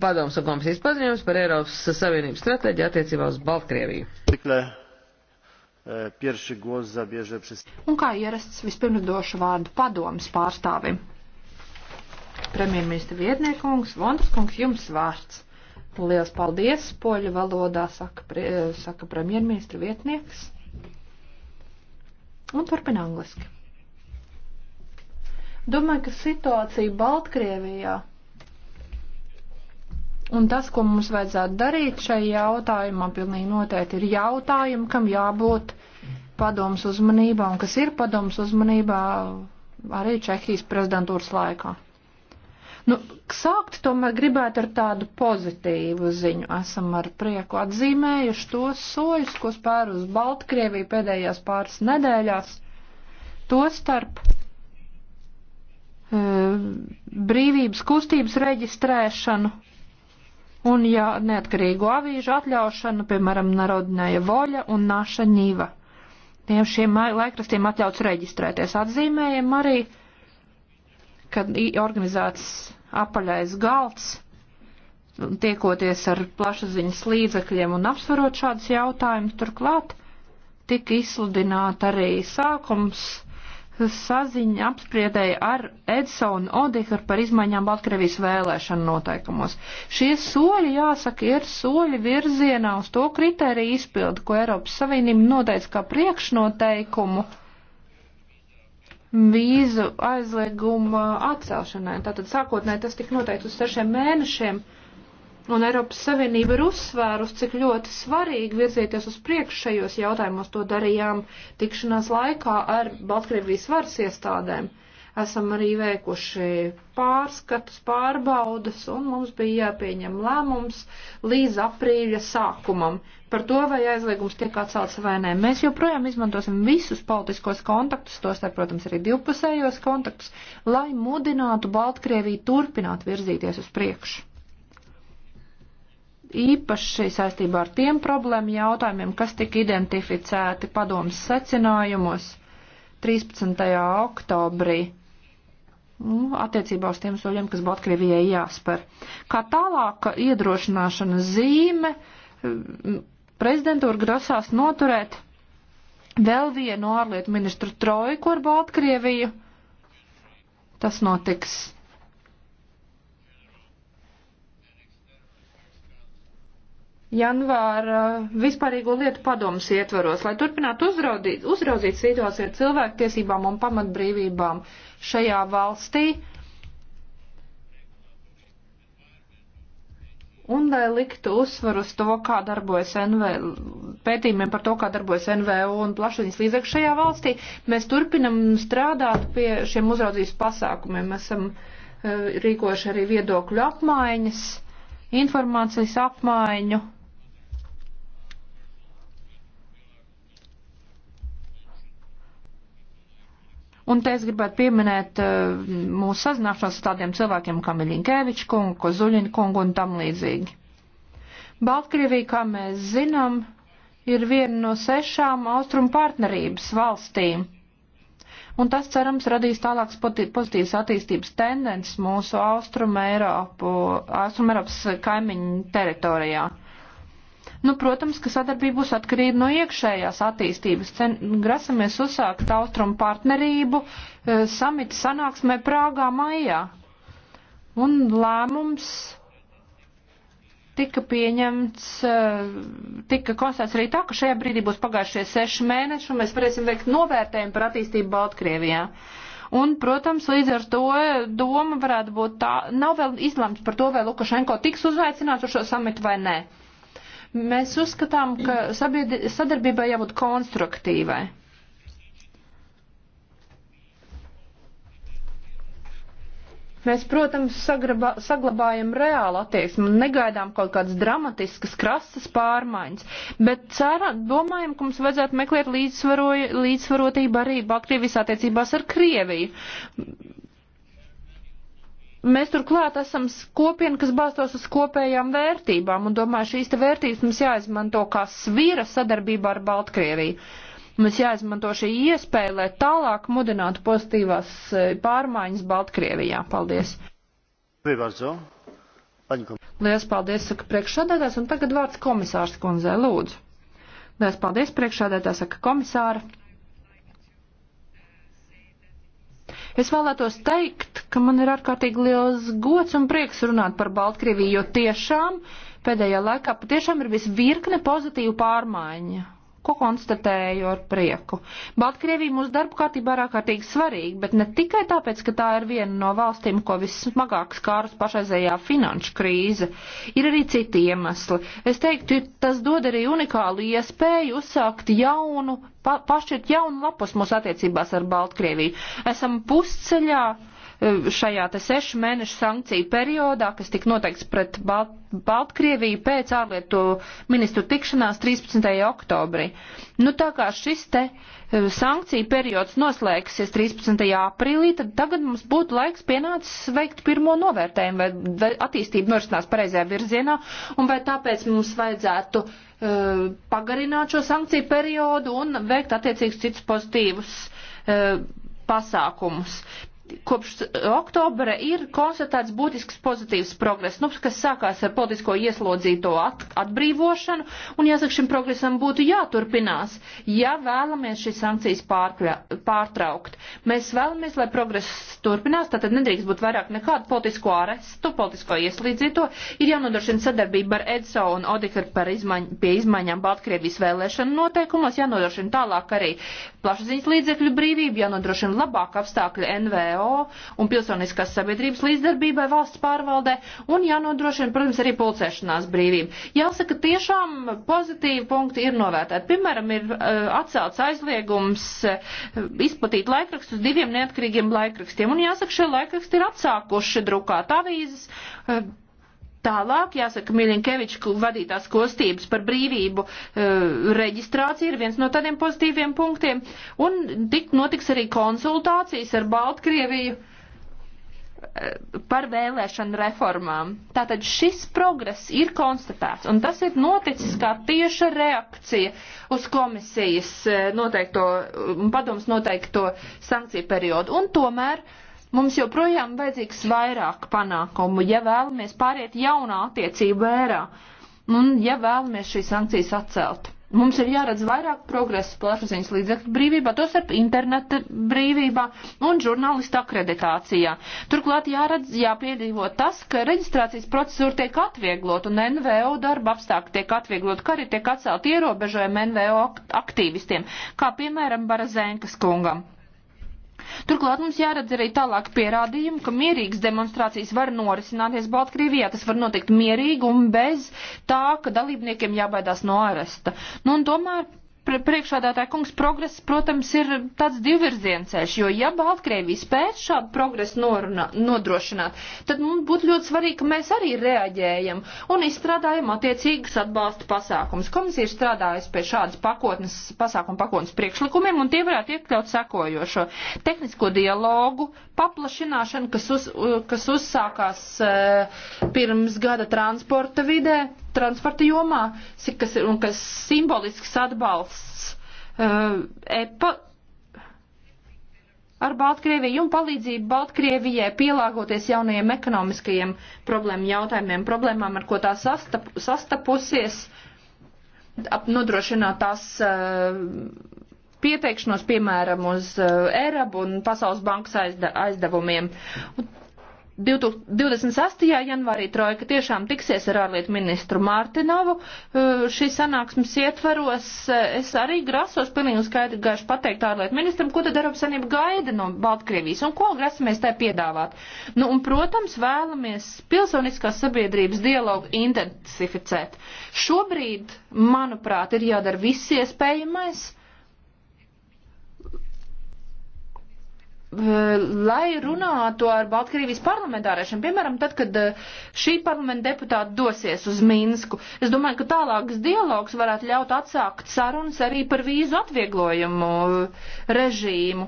padoms un komisijas paziņojums par Eiropas Savienības stratēģiju attiecībā uz Baltkrieviju. E, un kā ierasts, vispirms došu vārdu padomas pārstāvim. Premjerministra vietniekungs, Vondas kungs, jums vārds. Lielas paldies, poļu valodā saka, pre, e, saka premjerministra vietnieks. Un turpina angliski. Domāju, ka situācija Baltkrievijā Un tas, ko mums vajadzētu darīt šai jautājumā, pilnīgi noteikti ir jautājumi, kam jābūt padoms uzmanībā un kas ir padoms uzmanībā arī Čehijas prezidentūras laikā. Nu, sākt tomēr gribētu ar tādu pozitīvu ziņu. Esam ar prieku atzīmējuši tos soļus, ko spēr uz Baltkrieviju pēdējās pāris nedēļās. Tostarp e, brīvības kustības reģistrēšanu un ja neatkarīgu avīžu atļaušanu, piemēram, Narodināja Voļa un Naša Ņīva. Tiem šiem laikrastiem atļauts reģistrēties. Atzīmējam arī, ka organizēts apaļais galds, tiekoties ar plašaziņas līdzekļiem un apsvarot šādus jautājumus, turklāt tika izsludināta arī sākums saziņa apspriedēja ar Edsonu Odihar par izmaiņām Baltkrievijas vēlēšanu noteikumos. Šie soļi, jāsaka, ir soļi virzienā uz to kritēriju izpildu, ko Eiropas Savienība noteica kā priekšnoteikumu vīzu aizlieguma atcelšanai. Tātad sākotnēji tas tika noteikts uz sešiem mēnešiem. Uh, Un Eiropas Savienība ir uzsvērusi, cik ļoti svarīgi virzīties uz priekšu šajos jautājumos. To darījām tikšanās laikā ar Baltkrievijas varas iestādēm. Esam arī veikuši pārskatus, pārbaudas, un mums bija jāpieņem lēmums līdz aprīļa sākumam par to, vai aizliegums tiek atcelts vai nē. Mēs joprojām izmantosim visus politiskos kontaktus, tos, tā, protams, arī divpusējos kontaktus, lai mudinātu Baltkrieviju turpināt virzīties uz priekšu īpaši saistībā ar tiem problēmu jautājumiem, kas tika identificēti padomas secinājumos 13. oktobrī. Nu, attiecībā uz tiem soļiem, kas Baltkrievijai jāspēr. Kā tālāka iedrošināšanas zīme, prezidentūra grasās noturēt vēl vienu ārlietu ministru trojku ar Baltkrieviju. Tas notiks janvāra vispārīgo lietu padomus ietvaros, lai turpinātu uzraudīt, uzraudzīt situāciju ar cilvēktiesībām un pamatbrīvībām šajā valstī. Un lai liktu uzsvaru uz to, kā darbojas NVO, pētījumiem par to, kā darbojas NVO un plašsaziņas līdzekļi šajā valstī, mēs turpinam strādāt pie šiem uzraudzības pasākumiem. Mēs esam uh, rīkojuši arī viedokļu apmaiņas, informācijas apmaiņu. Un te es gribētu pieminēt uh, mūsu sazināšanos ar tādiem cilvēkiem kā Miļinkēviča kungu, Kozuļina kungu un tam līdzīgi. Baltkrievija, kā mēs zinām, ir viena no sešām austrumu partnerības valstīm un tas, cerams, radīs tālākas pozitīvas attīstības tendences mūsu Austrum Eiropu, Austrum Eiropas kaimiņu teritorijā. Nu, protams, ka sadarbība būs atkarīga no iekšējās attīstības. Cen, grasamies uzsākt austrumu partnerību e, samita sanāksmē Prāgā maijā. Un lēmums tika pieņemts, e, tika konstatēts arī tā, ka šajā brīdī būs pagājušie seši mēneši un mēs varēsim veikt novērtējumu par attīstību Baltkrievijā. Un, protams, līdz ar to doma varētu būt tā, nav vēl izlemts par to, vai Lukašenko tiks uzveicināts uz šo samitu vai nē. Mēs uzskatām, ka sadarbībai jābūt konstruktīvai. Mēs, protams, sagrabā, saglabājam reālu attieksmi un negaidām kaut kādas dramatiskas krasas pārmaiņas, bet ceram, domājam, ka mums vajadzētu meklēt līdzsvarotību arī Baltkrievijas attiecībās ar Krieviju mēs turklāt esam kopiena, kas balstos uz kopējām vērtībām, un domāju, šīs te vērtības mums jāizmanto kā svira sadarbībā ar Baltkrieviju. Mums jāizmanto šī iespēja, lai tālāk mudinātu pozitīvās e, pārmaiņas Baltkrievijā. Paldies! Lielas paldies, saka priekšsādētājs, un tagad vārds komisārs kundzei lūdzu. Lielas paldies, priekšsādētājs, saka komisāra. Es vēlētos teikt, ka man ir ārkārtīgi liels gods un prieks runāt par Baltkrieviju, jo tiešām pēdējā laikā patiešām ir visvirkne pozitīvu pārmaiņu ko konstatēju ar prieku. Baltkrievija mūsu darba kārtībā ir ārkārtīgi svarīga, bet ne tikai tāpēc, ka tā ir viena no valstīm, ko vismagāk skārus pašreizējā finanšu krīze. Ir arī citi iemesli. Es teiktu, tas dod arī unikālu iespēju uzsākt jaunu, pa, pašķirt jaunu lapus mūsu attiecībās ar Baltkrieviju. Esam pusceļā šajā te sešu mēnešu sankciju periodā, kas tika noteikts pret Balt Baltkrieviju pēc ārlietu ministru tikšanās 13. oktobrī. Nu tā kā šis te eh, sankciju periods noslēgsies 13. aprīlī, tad tagad mums būtu laiks pienācis veikt pirmo novērtējumu, vai, vai attīstība norisinās pareizajā virzienā, un vai tāpēc mums vajadzētu uh, pagarināt šo sankciju periodu un veikt attiecīgus citus pozitīvus uh, pasākumus kopš oktobra ir konstatēts būtisks pozitīvs progress, nu, kas sākās ar politisko ieslodzīto at atbrīvošanu, un jāsaka, šim progresam būtu jāturpinās, ja vēlamies šīs sankcijas pārtraukt. Mēs vēlamies, lai progress turpinās, tātad nedrīkst būt vairāk nekādu politisko arestu, politisko ieslīdzīto, ir jānodrošina sadarbība ar EDSO un ODIKR par izmaiņ, pie izmaiņām Baltkrievijas vēlēšanu noteikumos, jānodrošina tālāk arī plašsaziņas līdzekļu brīvību, jānodrošina labāk apstākļi NVO NVO un pilsoniskās sabiedrības līdzdarbībai valsts pārvaldē un jānodrošina, protams, arī pulcēšanās brīvība. Jāsaka, tiešām pozitīvi punkti ir novērtēti. Piemēram, ir eh, atcelts aizliegums eh, izplatīt laikrakstus diviem neatkarīgiem laikrakstiem un jāsaka, šie laikraksti ir atsākuši drukāt avīzes eh, Tālāk, jāsaka, Miļinkeviča vadītās kostības par brīvību e, reģistrācija ir viens no tādiem pozitīviem punktiem, un tik notiks arī konsultācijas ar Baltkrieviju e, par vēlēšanu reformām. Tātad šis progress ir konstatēts, un tas ir noticis kā tieša reakcija uz komisijas e, noteikto, padoms noteikto sankciju periodu. Un tomēr uh, Mums joprojām vajadzīgs vairāk panākumu, ja vēlamies pāriet jaunā attiecību ērā un ja vēlamies šīs sankcijas atcelt. Mums ir jāredz vairāk progresa plašsaziņas līdzekļu brīvībā, tostarp interneta brīvībā un žurnālista akreditācijā. Turklāt jāredz, jāpiedzīvo tas, ka reģistrācijas procedūra tiek atvieglot un NVO darba apstākļi tiek atvieglot, kā arī tiek atcelt ierobežojumi NVO aktīvistiem, kā piemēram Barazēnkas kungam. Turklāt mums jāredz arī tālāk pierādījumi, ka mierīgas demonstrācijas var norisināties Baltkrievijā. Tas var notikt mierīgi un bez tā, ka dalībniekiem jābaidās no aresta. Nu, un tomēr priekšādātāja kungs, progress, protams, ir tāds divvirzienceļš, jo ja Baltkrievija spēj šādu progresu noruna, nodrošināt, tad mums būtu ļoti svarīgi, ka mēs arī reaģējam un izstrādājam attiecīgas atbalsta pasākums. Komisija ir strādājusi pie šādas pakotnes, pasākuma pakotnes priekšlikumiem, un tie varētu iekļaut sekojošo tehnisko dialogu, paplašināšanu, kas, uz, kas uzsākās eh, pirms gada transporta vidē transporta jomā, kas, un kas simbolisks atbalsts uh, EPA ar Baltkrieviju un palīdzību Baltkrievijai pielāgoties jaunajiem ekonomiskajiem problēmu jautājumiem, problēmām, ar ko tā sastap, sastapusies, ap, nodrošināt tās uh, pieteikšanos, piemēram, uz uh, ERAB un Pasaules bankas aizda, aizdevumiem. Un 26. janvārī Trojka tiešām tiksies ar ārlietu ministru Mārtinovu. Šīs sanāksmes ietvaros es arī grasos pilnīgi skaidri gaiši pateikt ārlietu ministram, ko tad Eiropas Sanība gaida no Baltkrievijas un ko grasamies tai piedāvāt. Nu, un, protams, vēlamies pilsoniskās sabiedrības dialogu intensificēt. Šobrīd, manuprāt, ir jādara viss iespējamais Eh, lai runātu ar Baltkrievijas parlamentāriešiem. Piemēram, tad, kad eh, šī parlamenta deputāta dosies uz Minsku, es domāju, ka tālākas dialogs varētu ļaut atsākt sarunas arī par vīzu atvieglojumu eh, režīmu.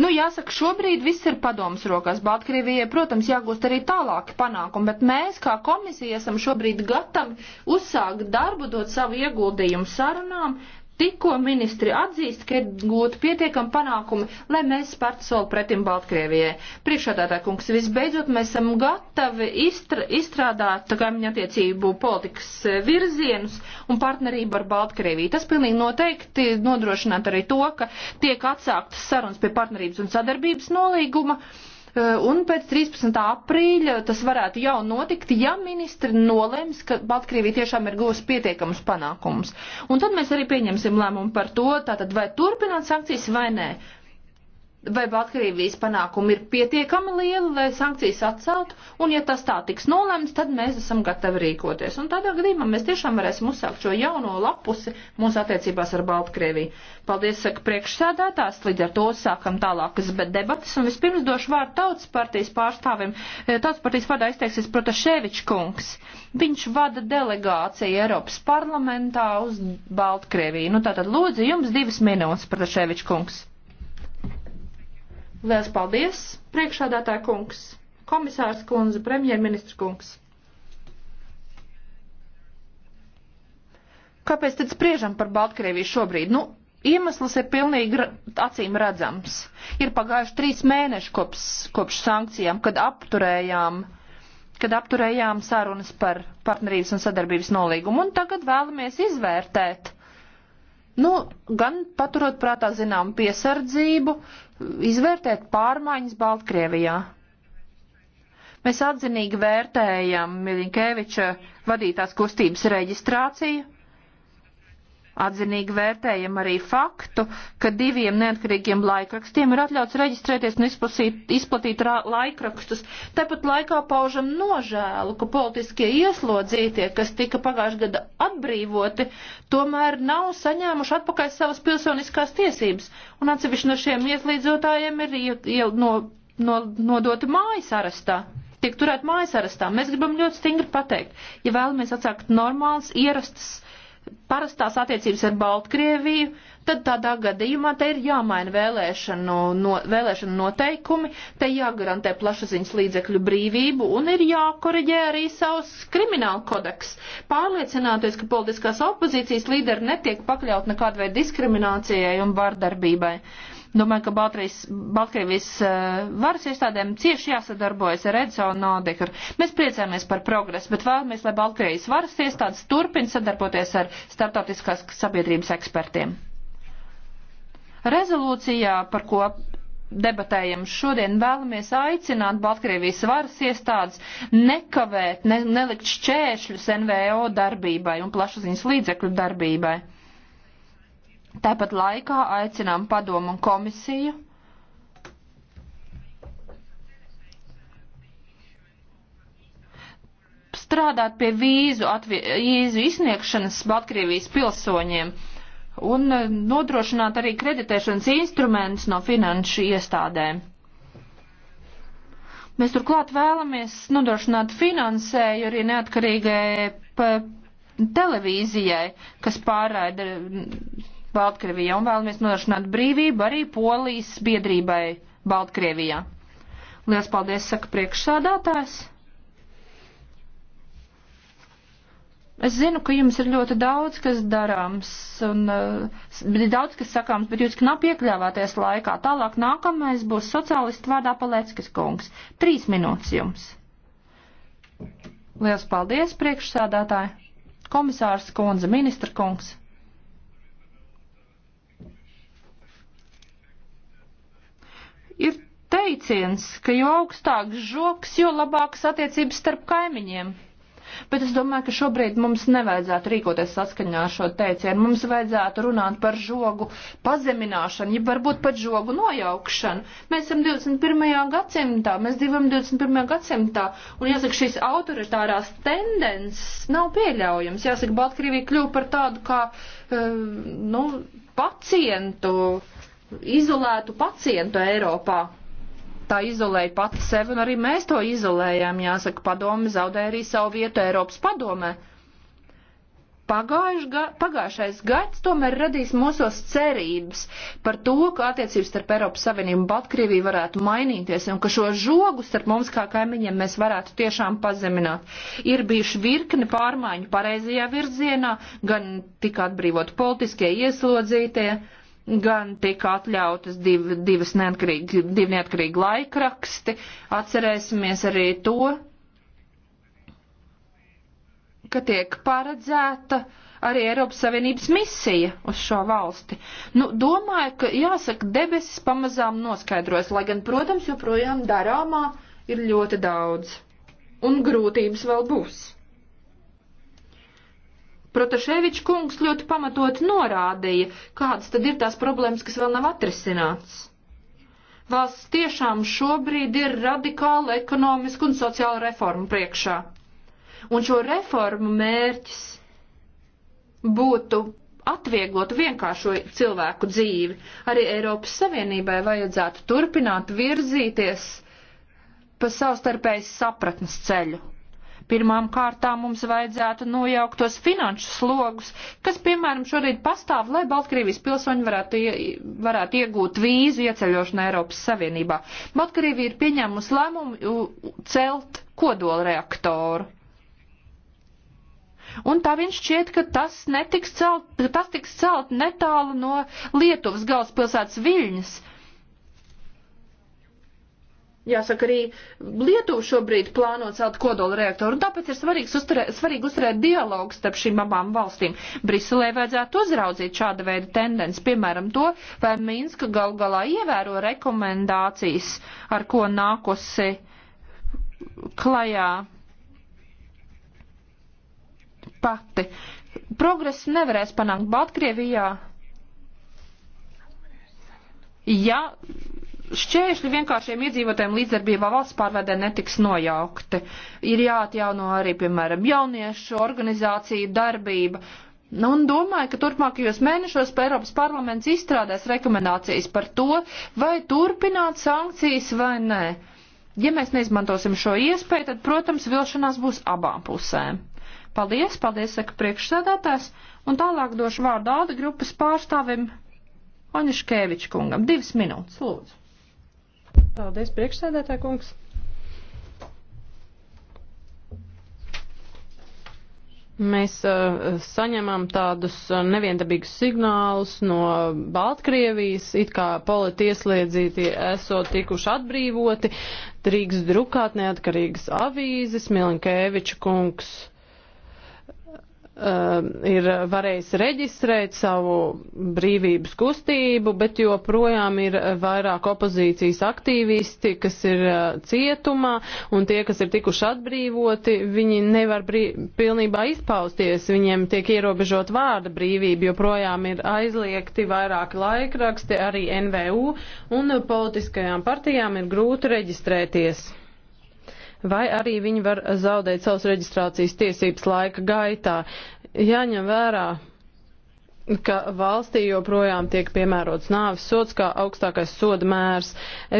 Nu, jāsaka, šobrīd viss ir padomas rokās. Baltkrievijai, protams, jāgūst arī tālāki panākumi, bet mēs, kā komisija, esam šobrīd gatavi uzsākt darbu, dot savu ieguldījumu sarunām, tikko ministri atzīst, ka ir gūti pietiekami panākumi, lai mēs spērtu soli pretim Baltkrievijai. Priekšādātā kungs, visbeidzot, mēs esam gatavi iztra, izstrādāt kaimiņu attiecību politikas virzienus un partnerību ar Baltkrieviju. Tas pilnīgi noteikti nodrošināt arī to, ka tiek atsāktas sarunas pie partnerības un sadarbības nolīguma. Eh, un pēc 13. aprīļa tas varētu jau notikt, ja ministri nolems, ka Baltkrievija tiešām ir gūs pietiekamus panākumus. Un tad mēs arī pieņemsim lēmumu par to, tātad vai turpināt sankcijas vai nē vai Baltkrievijas panākumi ir pietiekami lieli, lai sankcijas atceltu, un ja tas tā tiks nolēmts, tad mēs esam gatavi rīkoties. Un tādā gadījumā mēs tiešām varēsim uzsākt šo jauno lapusi mūsu attiecībās ar Baltkrieviju. Paldies, saka priekšsēdētās, līdz ar to sākam tālākas debatas, un vispirms došu vārdu tautas partijas pārstāvim. Eh, tautas partijas vārdā izteiksies Protaševičs kungs. Viņš vada delegāciju Eiropas parlamentā uz Baltkrieviju. Nu tātad lūdzu jums divas minūtes, Protaševičs kungs. Liels paldies, priekšādātāja kungs, komisārs kundze, premjerministra kungs. Kāpēc tad spriežam par Baltkrieviju šobrīd? Nu, Iemesls ir pilnīgi acīm redzams. Ir pagājuši trīs mēneši kops, kopš sankcijām, kad apturējām, kad apturējām sarunas par partnerības un sadarbības nolīgumu, un tagad vēlamies izvērtēt Nu, gan paturot prātā zinām piesardzību, izvērtēt pārmaiņas Baltkrievijā. Mēs atzinīgi vērtējam Milinkeviča vadītās kustības reģistrāciju Atzinīgi vērtējam arī faktu, ka diviem neatkarīgiem laikrakstiem ir atļauts reģistrēties un izplasīt, izplatīt rā, laikrakstus. Tāpat laikā paužam nožēlu, ka politiskie ieslodzītie, kas tika pagājuši gada atbrīvoti, tomēr nav saņēmuši atpakaļ savas pilsoniskās tiesības. Un atsevišķi no šiem ieslīdzotājiem ir jau, jau no, no, nodoti mājas arestā tiek turēt mājas arestā. Mēs gribam ļoti stingri pateikt, ja vēlamies atsākt normāls, ierastas parastās attiecības ar Baltkrieviju, tad tādā gadījumā te ir jāmaina vēlēšanu, no, vēlēšanu noteikumi, te jāgarantē plašsaziņas līdzekļu brīvību un ir jākoreģē arī savs krimināla kodeks. Pārliecināties, ka politiskās opozīcijas līderi netiek pakļaut nekādvai diskriminācijai un vardarbībai. Uh, Domāju, ka Baltrijas, Baltkrievijas eh, varas iestādēm cieši jāsadarbojas ar Edson Nodekar. Mēs priecājamies par progresu, bet vēlamies, lai Baltkrievijas varas iestādes turpina sadarboties ar starptautiskās sabiedrības ekspertiem. Rezolūcijā, par ko debatējam šodien, vēlamies aicināt Baltkrievijas varas iestādes nekavēt, ne, nelikt šķēršļus NVO darbībai un plašsaziņas līdzekļu darbībai. Tāpat laikā aicinām padomu un komisiju strādāt pie vīzu, atvi, vīzu izsniegšanas Baltkrievijas pilsoņiem un eh, nodrošināt arī kreditēšanas instrumentus no finanšu iestādēm. Mēs turklāt vēlamies nodrošināt finansēju arī neatkarīgai televīzijai, kas pārraida Baltkrievijā un vēlamies nodrošināt brīvību arī Polijas biedrībai Baltkrievijā. Lielas paldies, saka priekšsādātājs. Es zinu, ka jums ir ļoti daudz, kas darāms un uh, daudz, kas sakāms, bet jūs knap iekļāvāties laikā. Tālāk nākamais būs sociālistu vārdā Paleckas kungs. Trīs minūtes jums. Lielas paldies, priekšsādātāji, komisārs kundze, ministra kungs. Ir teiciens, ka jo augstāks žoks, jo labākas attiecības starp kaimiņiem. Bet es domāju, ka šobrīd mums nevajadzētu rīkoties saskaņā ar šo teicienu. Mums vajadzētu runāt par žogu pazemināšanu, ja varbūt pat žogu nojaukšanu. Mēs esam 21. gadsimtā, mēs dzīvojam 21. gadsimtā, un jāsaka, šīs autoritārās tendences nav pieļaujams. Jāsaka, Baltkrievija kļūpa par tādu kā, eh, nu, pacientu izolētu pacientu Eiropā. Tā izolēja pati sevi, un arī mēs to izolējām. Jāsaka, padome zaudēja arī savu vietu Eiropas padomē. Pagājuš, ga, pagājušais gads tomēr radīs mūsos cerības par to, ka attiecības starp Eiropas Savienību un Baltkrieviju varētu mainīties un ka šo žogu starp mums kā kaimiņiem mēs varētu tiešām pazemināt. Ir bijuši virkni pārmaiņu pareizajā virzienā, gan tika atbrīvot politiskie ieslodzītie, uh, gan tika atļautas div, divas neatkarīgi, divi neatkarīgi laikraksti. Atcerēsimies arī to, ka tiek paredzēta arī Eiropas Savienības misija uz šo valsti. Nu, domāju, ka jāsaka, debesis pamazām noskaidros, lai gan, protams, joprojām darāmā ir ļoti daudz. Un grūtības vēl būs. Protaševičs kungs ļoti pamatot norādīja, kādas tad ir tās problēmas, kas vēl nav atrisināts. Valsts tiešām šobrīd ir radikāla ekonomiska un sociāla reforma priekšā. Un šo reformu mērķis būtu atvieglot vienkāršo cilvēku dzīvi. Arī Eiropas Savienībai vajadzētu turpināt virzīties pa savstarpējas sapratnes ceļu Pirmām kārtām mums vajadzētu nojaukt tos finanšu slogus, kas, piemēram, šorīt pastāv, lai Baltkrievijas pilsoņi varētu, ie, varētu iegūt vīzu ieceļošanu Eiropas Savienībā. Baltkrievija ir pieņēmusi lēmumu celt kodolreaktoru. Un tā viņš šķiet, ka tas, netiks celt, tas tiks celt netālu no Lietuvas galvaspilsētas Viļņas Jāsaka, arī Lietuva šobrīd plāno celt kodola reaktoru, un tāpēc ir svarīgi uzturēt, svarīgi uzturēt dialogu starp šīm abām valstīm. Briselē vajadzētu uzraudzīt šāda veida tendenci, piemēram, to, vai Minska gal galā ievēro rekomendācijas, ar ko nākusi klajā pati. Progresu nevarēs panākt Baltkrievijā, ja šķēršļi vienkāršiem iedzīvotājiem līdzdarbībā valsts pārvedē netiks nojaukti. Ir jāatjauno arī, piemēram, jauniešu organizāciju darbība. Nu, un domāju, ka turpmākajos mēnešos Eiropas parlaments izstrādās rekomendācijas par to, vai turpināt sankcijas vai nē. Ja mēs neizmantosim šo iespēju, tad, protams, vilšanās būs abām pusēm. Paldies, paldies, saka priekšsēdētājs, un tālāk došu vārdu Alda grupas pārstāvim Oņiškēviča kungam. Divas minūtes, lūdzu. Paldies, priekšsēdētāj kungs. Mēs uh, saņemam tādus uh, neviendabīgus signālus no Baltkrievijas, it kā politieslēdzītie esot tikuši atbrīvoti, drīkst drukāt neatkarīgas avīzes, Milinkēviča kungs Um, ir varējis reģistrēt savu brīvības kustību, bet joprojām ir vairāk opozīcijas aktīvisti, kas ir uh, cietumā, un tie, kas ir tikuši atbrīvoti, viņi nevar brī... pilnībā izpausties, viņiem tiek ierobežot vārda brīvība, joprojām ir aizliegti vairāki laikraksti, arī NVU, un politiskajām partijām ir grūti reģistrēties vai arī viņi var zaudēt savas reģistrācijas tiesības laika gaitā. Jāņem vērā, ka valstī joprojām tiek piemērots nāves sods kā augstākais soda mērs.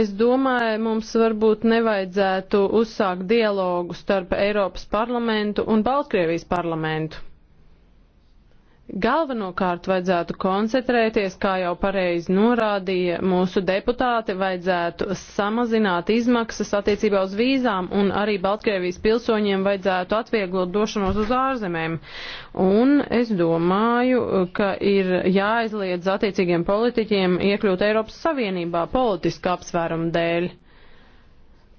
Es domāju, mums varbūt nevajadzētu uzsākt dialogu starp Eiropas parlamentu un Baltkrievijas parlamentu. Galvenokārt vajadzētu koncentrēties, kā jau pareizi norādīja mūsu deputāti, vajadzētu samazināt izmaksas attiecībā uz vīzām un arī Baltkrievijas pilsoņiem vajadzētu atvieglot došanos uz ārzemēm. Un es domāju, ka ir jāaizliedz attiecīgiem politiķiem iekļūt Eiropas Savienībā politiska apsvēruma dēļ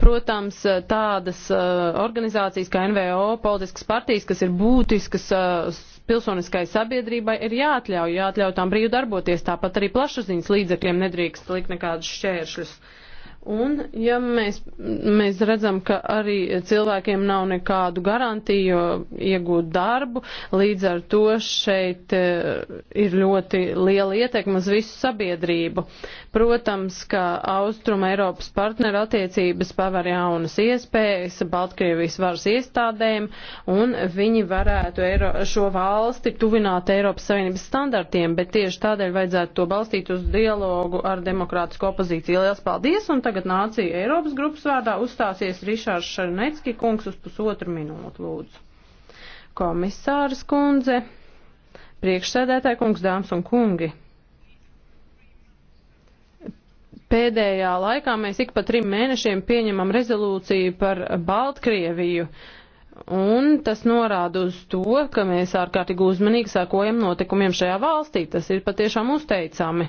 protams, tādas uh, organizācijas kā NVO, politiskas partijas, kas ir būtiskas uh, pilsoniskai sabiedrībai ir jāatļauj, jāatļauj tām brīvi darboties, tāpat arī plašsaziņas līdzekļiem nedrīkst likt nekādus šķēršļus. Uh, Un, ja mēs, mēs redzam, ka arī cilvēkiem nav nekādu garantiju iegūt darbu, līdz ar to šeit e, ir ļoti liela ietekma uz visu sabiedrību. Protams, ka Austruma Eiropas partneru attiecības paver jaunas iespējas Baltkrievijas varas iestādēm, un viņi varētu Eiro, šo valsti tuvināt Eiropas Savienības standartiem, bet tieši tādēļ vajadzētu to balstīt uz dialogu ar demokrātisku opozīciju. Lielas paldies! tagad nācija Eiropas grupas vārdā uzstāsies Rišārs Šarnecki kungs uz pusotru minūtu lūdzu. Komisāras kundze, priekšsēdētāja kungs, dāmas un kungi. Pēdējā laikā mēs ik pa trim mēnešiem pieņemam rezolūciju par Baltkrieviju. Uh, Un tas norāda uz to, ka mēs ārkārtīgi uzmanīgi sekojam notikumiem šajā valstī. Tas ir patiešām uzteicami.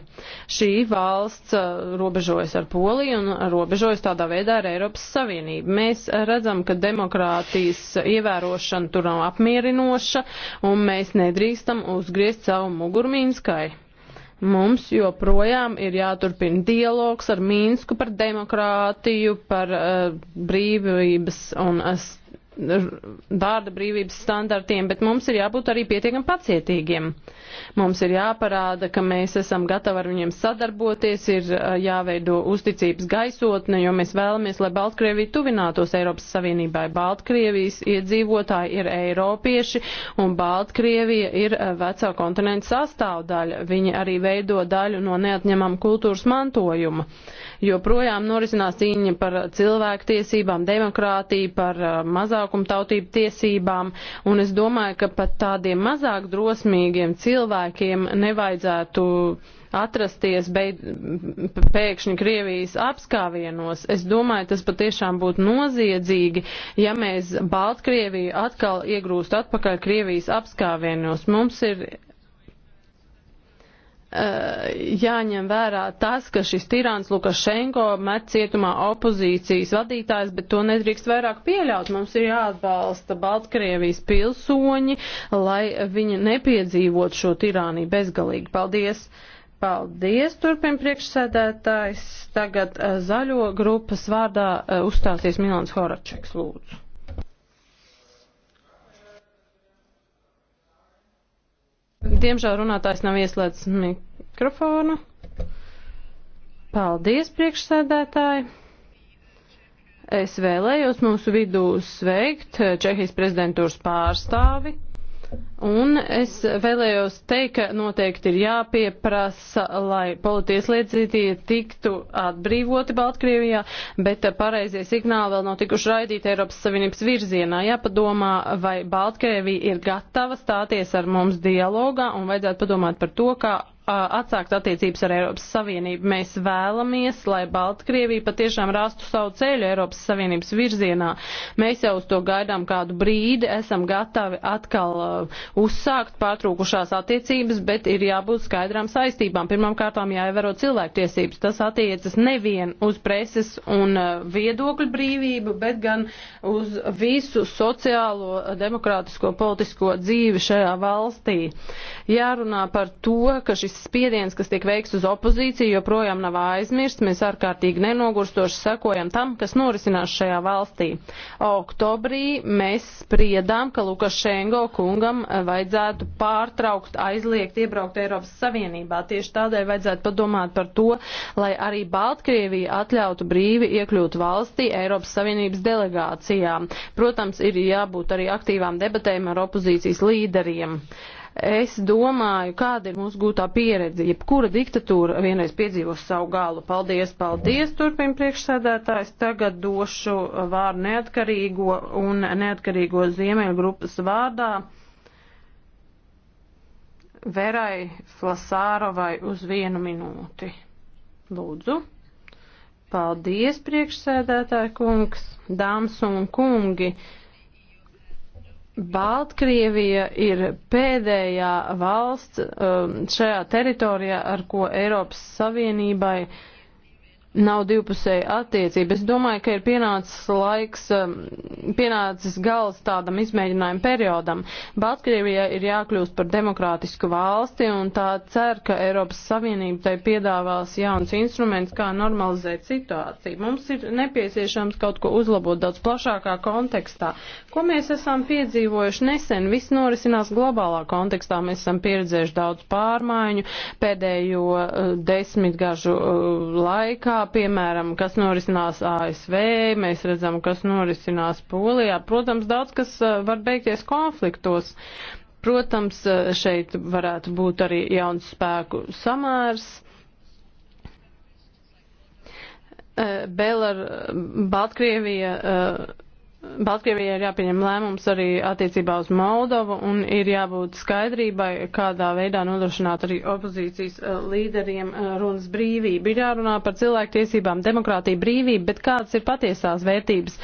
Šī valsts uh, robežojas ar Poliju un robežojas tādā veidā ar Eiropas Savienību. Mēs redzam, ka demokrātijas ievērošana tur nav apmierinoša un mēs nedrīkstam uzgriezt savu muguru Mīnskai. Mums joprojām ir jāturpina dialogs ar Mīnsku par demokrātiju, par uh, brīvības un uh, vārda brīvības standartiem, bet mums ir jābūt arī pietiekam pacietīgiem. Uh, Mums ir jāparāda, ka mēs esam gatavi ar viņiem sadarboties, ir jāveido uzticības gaisotne, jo mēs vēlamies, lai Baltkrievija tuvinātos Eiropas Savienībai. Baltkrievijas iedzīvotāji ir eiropieši un Baltkrievija ir vecā kontinenta sastāvdaļa. Viņi arī veido daļu no neatņemama kultūras mantojuma. Joprojām norisinās cīņa par cilvēktiesībām, demokrātiju, par mazākumtautību tiesībām, un es domāju, ka pat tādiem mazāk drosmīgiem cilvēkiem, cilvēkiem nevajadzētu atrasties beid, pēkšņi Krievijas apskāvienos. Es domāju, tas patiešām būtu noziedzīgi, ja mēs Baltkrieviju atkal iegrūst atpakaļ Krievijas apskāvienos. Mums ir Eh, jāņem vērā tas, ka šis tirāns Lukašenko met cietumā opozīcijas vadītājs, bet to nedrīkst vairāk pieļaut. Mums ir jāatbalsta Baltkrievijas pilsoņi, lai viņi nepiedzīvot šo tirāniju bezgalīgi. Paldies! Paldies, turpin priekšsēdētājs. Tagad eh, zaļo grupas vārdā eh, uzstāsies Milans Horačeks, lūdzu. Diemžēl runātājs nav ieslēdzis mikrofonu. Paldies, priekšsēdētāji! Es vēlējos mūsu vidū sveikt Čehijas prezidentūras pārstāvi. Un es vēlējos teikt, ka noteikti ir jāpieprasa, lai politieslietītie tiktu atbrīvoti Baltkrievijā, bet pareizie signāli vēl nav tikuši raidīti Eiropas Savienības virzienā. Jāpadomā, vai Baltkrievija ir gatava stāties ar mums dialogā un vajadzētu padomāt par to, kā atsākt attiecības ar Eiropas Savienību. Mēs vēlamies, lai Baltkrievija patiešām rastu savu ceļu Eiropas Savienības virzienā. Mēs jau uz to gaidām kādu brīdi, esam gatavi atkal uzsākt pārtrūkušās attiecības, bet ir jābūt skaidrām saistībām. Pirmkārtām jāievēro cilvēktiesības. Tas attiecas nevien uz preses un viedokļu brīvību, bet gan uz visu sociālo, demokrātisko, politisko dzīvi šajā valstī. Jārunā par to, ka šis šis spiediens, kas tiek veikts uz opozīciju, joprojām nav aizmirsts. Mēs ārkārtīgi nenogurstoši sekojam tam, kas norisinās šajā valstī. Oktobrī mēs spriedām, ka Lukašenko kungam eh, vajadzētu pārtraukt aizliegt iebraukt Eiropas Savienībā. Tieši tādēļ vajadzētu padomāt par to, lai arī Baltkrievija atļautu brīvi iekļūt valstī Eiropas Savienības delegācijām. Protams, ir jābūt arī aktīvām debatēm ar opozīcijas līderiem. Uh, Es domāju, kāda ir mūsu gūtā pieredze, jebkura diktatūra vienreiz piedzīvos savu galu. Paldies, paldies, turpina priekšsēdētājs. Tagad došu vārdu neatkarīgo un neatkarīgo ziemeļu grupas vārdā. Verai Flasārovai uz vienu minūti. Lūdzu. Paldies, priekšsēdētāji kungs, dāmas un kungi. Baltkrievija ir pēdējā valsts um, šajā teritorijā, ar ko Eiropas Savienībai uh, nav divpusēja attiecība. Es domāju, ka ir pienācis laiks, um, pienācis gals tādam izmēģinājumu periodam. Baltkrievija ir jākļūst par demokrātisku valsti un tā cer, ka Eiropas Savienība tai piedāvās jauns instruments, kā normalizēt situāciju. Mums ir nepieciešams kaut ko uzlabot daudz plašākā kontekstā. Ko mēs esam piedzīvojuši nesen? Viss norisinās globālā kontekstā. Mēs esam pieredzējuši daudz pārmaiņu pēdējo uh, desmitgažu uh, laikā piemēram, kas norisinās ASV, mēs redzam, kas norisinās Polijā. Protams, daudz kas uh, var beigties konfliktos. Protams, uh, šeit varētu būt arī jauns spēku samērs. Uh, Belar, Baltkrievija Baltkrievijai ir jāpieņem lēmums arī attiecībā uz Moldovu un ir jābūt skaidrībai, kādā veidā nodrošināt arī opozīcijas eh, līderiem eh, runas brīvību. Ir jārunā par cilvēktiesībām, demokrātiju, brīvību, bet kādas ir patiesās vērtības?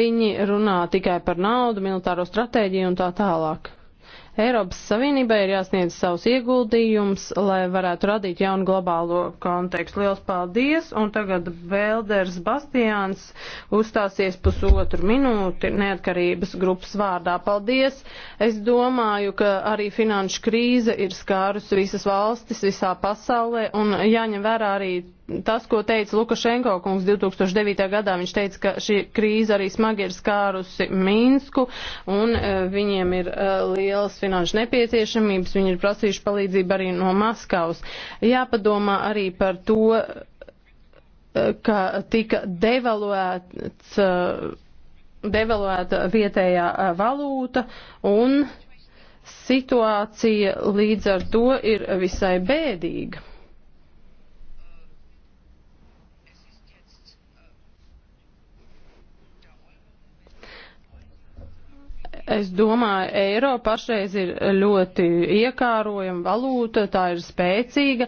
Viņi runā tikai par naudu, militāro stratēģiju un tā tālāk. Eiropas Savienībai ir jāsniedz savus ieguldījums, lai varētu radīt jaunu globālo kontekstu. Liels paldies! Un tagad Vēlders Bastiāns uzstāsies pusotru minūti neatkarības grupas vārdā. Paldies! Es domāju, ka arī finanšu krīze ir skārus visas valstis visā pasaulē un jāņem vērā arī tas, ko teica Lukašenko kungs 2009. gadā, viņš teica, ka šī krīze arī smagi ir skārusi Minsku un e, viņiem ir e, lielas finanšu nepieciešamības, viņi ir prasījuši palīdzību arī no Maskavas. Jāpadomā arī par to, e, ka tika devaluēts, devaluēta vietējā valūta un situācija līdz ar to ir visai bēdīga. Es domāju, eiro pašreiz ir ļoti iekārojama valūta, tā ir spēcīga,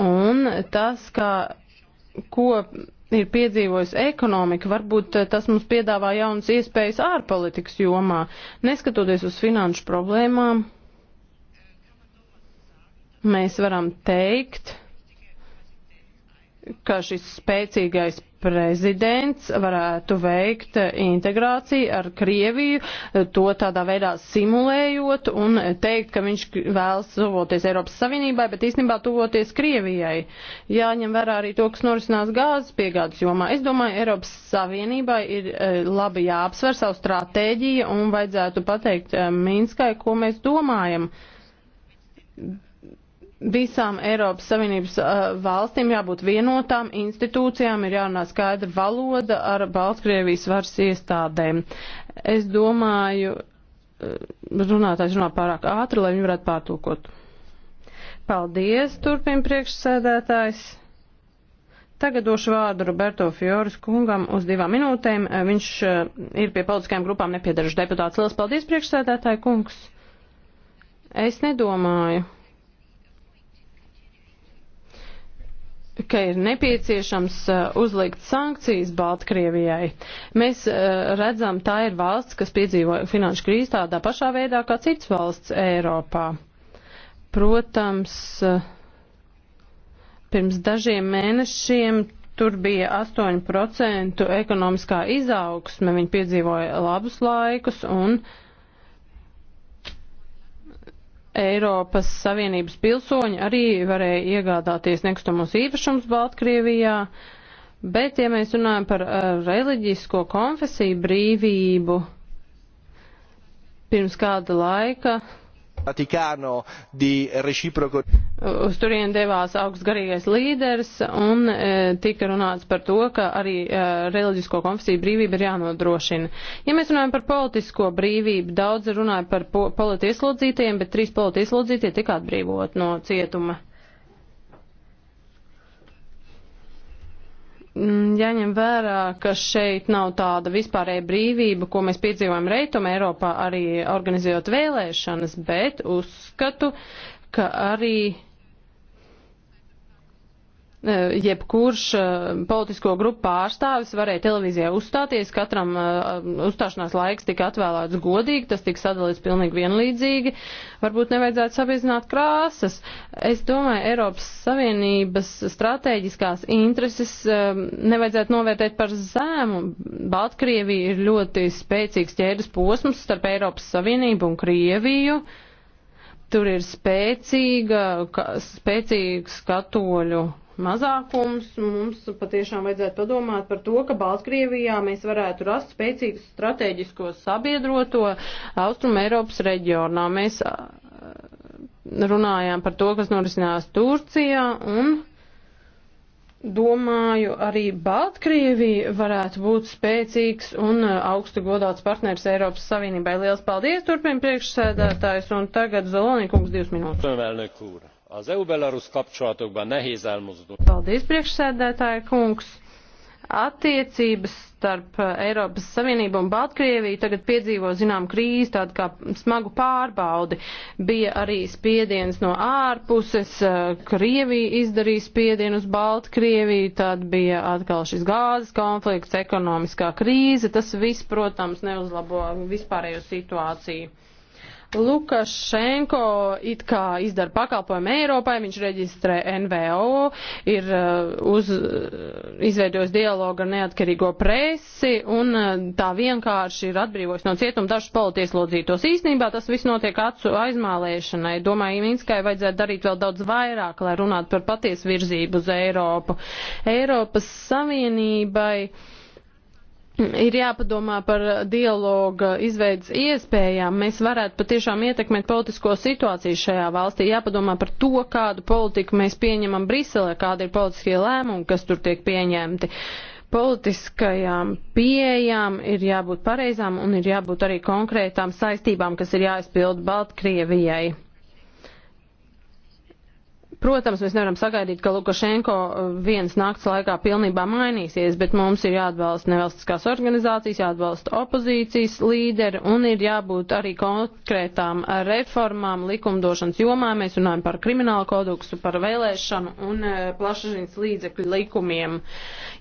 un tas, kā, ko ir piedzīvojusi ekonomika, varbūt tas mums piedāvā jaunas iespējas ārpolitikas jomā, neskatoties uz finanšu problēmām. Mēs varam teikt, ka šis spēcīgais prezidents varētu veikt integrāciju ar Krieviju, to tādā veidā simulējot un teikt, ka viņš vēlas tuvoties Eiropas Savienībai, bet īstenībā tuvoties Krievijai. Jāņem vērā arī to, kas norisinās gāzes piegādes jomā. Es domāju, Eiropas Savienībai ir eh, labi jāapsver savu stratēģiju un vajadzētu pateikt eh, Minskai, ko mēs domājam visām Eiropas Savienības uh, valstīm jābūt vienotām institūcijām, ir jārunā skaidra valoda ar Baltkrievijas varas iestādēm. Es domāju, uh, runātājs runā pārāk ātri, lai viņi varētu pārtulkot. Paldies, turpina priekšsēdētājs. Tagad došu vārdu Roberto Fioras kungam uz divām minūtēm. Uh, viņš uh, ir pie politiskajām grupām nepiedarušs deputāts. Lielas paldies, priekšsēdētāji kungs. Es nedomāju ka ir nepieciešams uh, uzlikt sankcijas Baltkrievijai. Mēs uh, redzam, tā ir valsts, kas piedzīvo finanšu krīzi tādā pašā veidā kā cits valsts Eiropā. Protams, uh, pirms dažiem mēnešiem tur bija 8% ekonomiskā izaugsme, viņi piedzīvoja labus laikus un uh, Eiropas Savienības pilsoņi arī varēja iegādāties nekustamos īpašums Baltkrievijā, bet, ja mēs runājam par eh, reliģisko konfesiju brīvību, pirms kāda laika Vatikāno di reciproco. Uz turien devās augstgarīgais līderis un e, tika runāts par to, ka arī e, reliģisko konfesiju brīvība ir jānodrošina. Ja mēs runājam par politisko brīvību, daudzi runāja par po politi ieslodzītajiem, bet trīs politi ieslodzītie tika atbrīvot no cietuma. Mm, jāņem vērā, ka šeit nav tāda vispārēja brīvība, ko mēs piedzīvojam Reituma Eiropā arī organizējot vēlēšanas, bet uzskatu, ka arī Eh, jebkurš eh, politisko grupu pārstāvis varēja televīzijā uzstāties, katram eh, uzstāšanās laiks tika atvēlēts godīgi, tas tika sadalīts pilnīgi vienlīdzīgi, varbūt nevajadzētu sabiezināt krāsas. Es domāju, Eiropas Savienības strateģiskās intereses nevajadzētu novērtēt par zēmu. Baltkrievija ir ļoti spēcīgs ķēdes posms starp Eiropas Savienību un Krieviju. Tur ir spēcīga, spēcīgs katoļu mazākums, mums patiešām vajadzētu padomāt par to, ka Baltkrievijā mēs varētu rast spēcīgu strateģisko sabiedroto Austrum Eiropas reģionā. Mēs uh, runājām par to, kas norisinās Turcijā un domāju, arī Baltkrievija varētu būt spēcīgs un uh, augstu godāts partners Eiropas Savienībai. Liels paldies, turpin priekšsēdētājs, un tagad Zalonīkums divas minūtes az eu belarus kapcsolatokban nehéz elmozdulni. Paldies, priekšsēdētāja kungs! Attiecības starp Eiropas Savienību un Baltkrieviju tagad piedzīvo zinām krīzi, tādu kā smagu pārbaudi. Bija arī spiediens no ārpuses, Krievija izdarīja spiedienu uz Baltkrieviju, tad bija atkal šis gāzes konflikts, ekonomiskā krīze. Tas viss, protams, neuzlabo vispārējo situāciju. Lukašenko it kā izdara pakalpojumu Eiropai, viņš reģistrē NVO, ir uh, uz, uh, izveidojis dialogu ar neatkarīgo presi un uh, tā vienkārši ir atbrīvojis no cietuma dažus politieslodzītos. Īsnībā tas viss notiek acu aizmālēšanai. Domāju, Minskai vajadzētu darīt vēl daudz vairāk, lai runātu par patiesu virzību uz Eiropu. Eiropas Savienībai Ir jāpadomā par dialoga izveidas iespējām. Mēs varētu patiešām ietekmēt politisko situāciju šajā valstī. Jāpadomā par to, kādu politiku mēs pieņemam Briselē, kādi ir politiskie lēmumi, kas tur tiek pieņemti. Politiskajām pieejām ir jābūt pareizām un ir jābūt arī konkrētām saistībām, kas ir jāizpild Baltkrievijai. Protams, mēs nevaram sagaidīt, ka Lukašenko uh, vienas nakts laikā pilnībā mainīsies, bet mums ir jāatbalsta nevalstiskās organizācijas, jāatbalsta opozīcijas līderi un ir jābūt arī konkrētām reformām likumdošanas jomā. Mēs runājam par kriminālu kodeksu, par vēlēšanu un uh, plašsaziņas līdzekļu likumiem.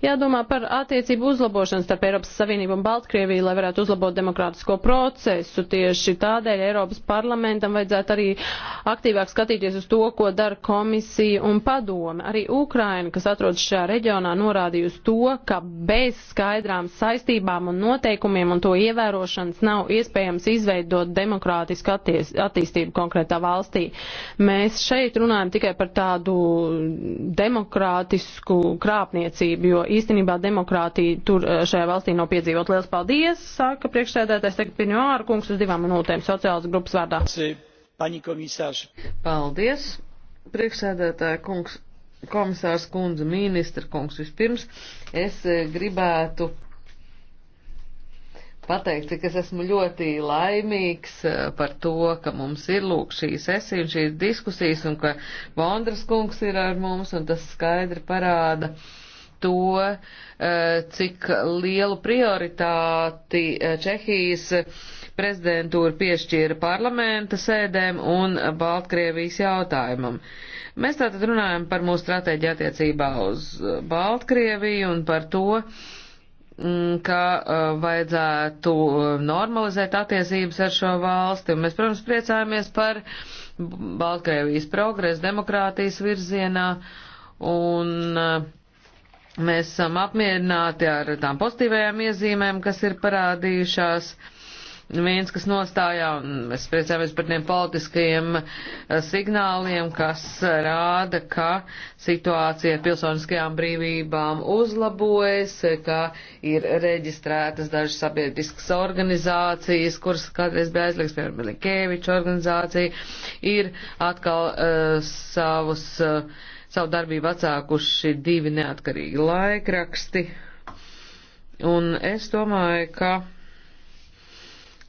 Jādomā par attiecību uzlabošanu starp Eiropas Savienību un Baltkrieviju, lai varētu uzlabot demokrātisko procesu. Tieši tādēļ Eiropas parlamentam vajadzētu arī aktīvāk skatīties uz to, ko dara komisija komisija un padome. Arī Ukraina, kas atrodas šajā reģionā, norādījusi to, ka bez skaidrām saistībām un noteikumiem un to ievērošanas nav iespējams izveidot demokrātisku atties, attīstību konkrētā valstī. Mēs šeit runājam tikai par tādu demokrātisku krāpniecību, jo īstenībā demokrātija tur eh, šajā valstī nav piedzīvot. Liels paldies, saka priekšsēdētājs, tagad Piņo Ārkungs uz divām minūtēm sociālas grupas vārdā. Paldies! Priekšsēdētāja kungs, komisārs kundze, ministra kungs, vispirms es eh, gribētu pateikt, cik es esmu ļoti laimīgs eh, par to, ka mums ir lūk šī sesija un šīs diskusijas un ka Vondras kungs ir ar mums un tas skaidri parāda to, eh, cik lielu prioritāti Čehijas prezidentūra piešķīra parlamenta sēdēm un Baltkrievijas jautājumam. Mēs tātad runājam par mūsu stratēģiju attiecībā uz Baltkrieviju un par to, mm, ka uh, vajadzētu uh, normalizēt attiecības ar šo valsti. Un mēs, protams, priecājamies par Baltkrievijas progresu demokrātijas virzienā un uh, mēs esam apmierināti ar tām pozitīvajām iezīmēm, kas ir parādījušās viens, kas nostājā, un mēs priecājamies par tiem politiskajiem eh, signāliem, kas eh, rāda, ka situācija pilsoniskajām brīvībām uzlabojas, eh, ka ir reģistrētas dažas sabiedriskas organizācijas, kuras kādreiz bija aizliegts, piemēram, Milikēviča organizācija, ir atkal uh, savus, uh, savu darbību atsākuši divi neatkarīgi laikraksti. Un es domāju, ka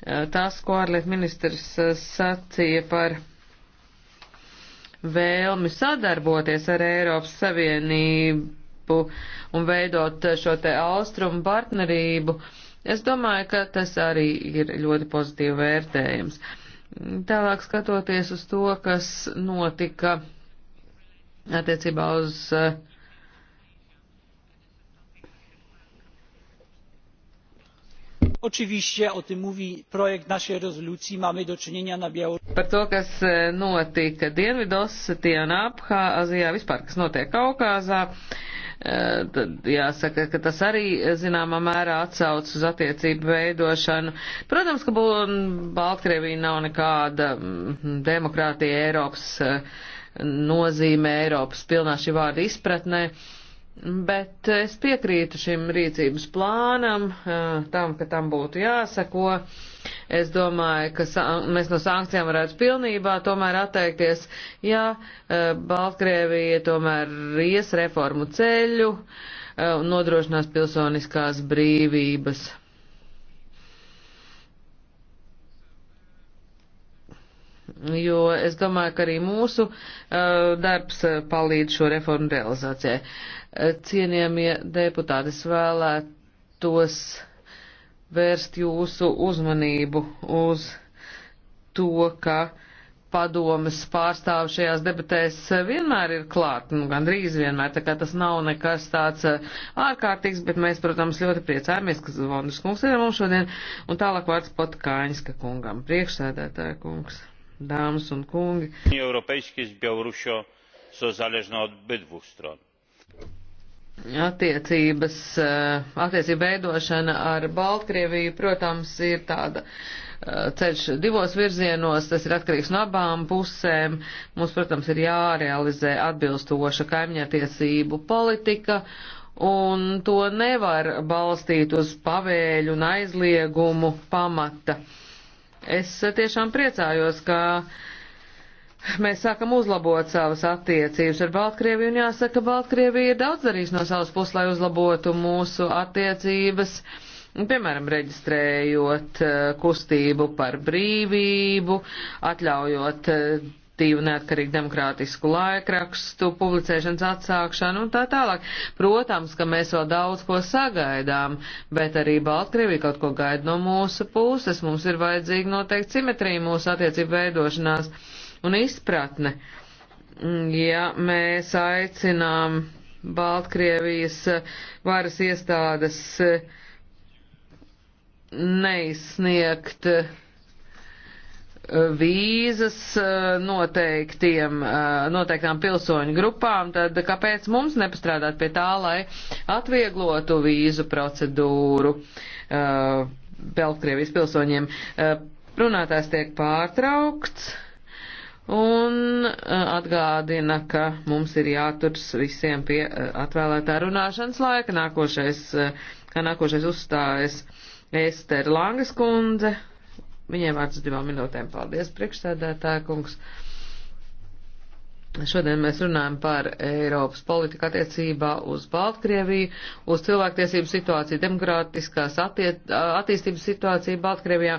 Eh, tas, ko ārlietu ministrs eh, sacīja par vēlmi sadarboties ar Eiropas Savienību un veidot šo te austrumu partnerību, es domāju, ka tas arī ir ļoti pozitīvi vērtējums. Tālāk skatoties uz to, kas notika attiecībā uz uh, oczywiście o tym mówi projekt naszej rezolucji mamy do czynienia na białorusi par to kas e, notika dienvidosetijā un abhāzijā vispār kas notiek kaukazā e, tad jāsaka, ka tas arī e, zināmā mērā atsauc uz attiecību veidošanu. Protams, ka Baltkrievija nav nekāda mm, demokrātija Eiropas nozīme, Eiropas pilnā šī vārda izpratnē. Uh, Bet es piekrītu šim rīcības plānam, tam, ka tam būtu jāseko. Es domāju, ka mēs no sankcijām varētu pilnībā tomēr atteikties, ja Baltkrievija tomēr ies reformu ceļu un nodrošinās pilsoniskās brīvības. Jo es domāju, ka arī mūsu uh, darbs palīdz šo reformu realizācijai. Uh, Cienījamie deputāti, es vēlētos vērst jūsu uzmanību uz to, ka padomas pārstāv šajās debatēs vienmēr ir klāt, nu, gandrīz vienmēr, tā kā tas nav nekas tāds eh, ārkārtīgs, bet mēs, protams, ļoti priecājamies, ka Zvondas kungs ir ar mums šodien, un tālāk vārds pat Kāņska kungam, priekšsēdētāja kungs, dāmas un kungi. Eiropeiskis Bielorušo so zaležno od bidvu stron attiecības, eh, attiecību veidošana ar Baltkrieviju, protams, ir tāda eh, ceļš divos virzienos, tas ir atkarīgs no abām pusēm. Mums, protams, ir jārealizē atbilstoša kaimiņatiesību politika, un to nevar balstīt uz pavēļu un aizliegumu pamata. Es eh, tiešām priecājos, ka uh, mēs sākam uzlabot savas attiecības ar Baltkrieviju, un jāsaka, Baltkrievija ir daudz darījis no savas puses, lai uzlabotu mūsu attiecības, piemēram, reģistrējot eh, kustību par brīvību, atļaujot eh, tīvu neatkarīgu demokrātisku laikrakstu, publicēšanas atsākšanu un tā tālāk. Protams, ka mēs vēl daudz ko sagaidām, bet arī Baltkrievija kaut ko gaida no mūsu puses. Mums ir vajadzīga noteikti simetrija mūsu attiecību veidošanās un izpratne. Mm, ja mēs aicinām Baltkrievijas varas iestādes eh, neizsniegt eh, vīzas eh, noteiktiem, noteiktām pilsoņu grupām, tad kāpēc mums nepastrādāt pie tā, lai atvieglotu vīzu procedūru Beltkrievijas pilsoņiem? Runātājs tiek pārtraukts un eh, atgādina, ka mums ir jāturs visiem pie eh, atvēlētā runāšanas laika. Nākošais, eh, kā nākošais uzstājas Ester Langas kundze. Viņai vārds divām minūtēm. Paldies, priekšsēdētāja kungs. Šodien mēs runājam par Eiropas politiku attiecībā uz Baltkrieviju, uz cilvēktiesību situāciju, demokrātiskās attiet, attīstības situāciju Baltkrievijā.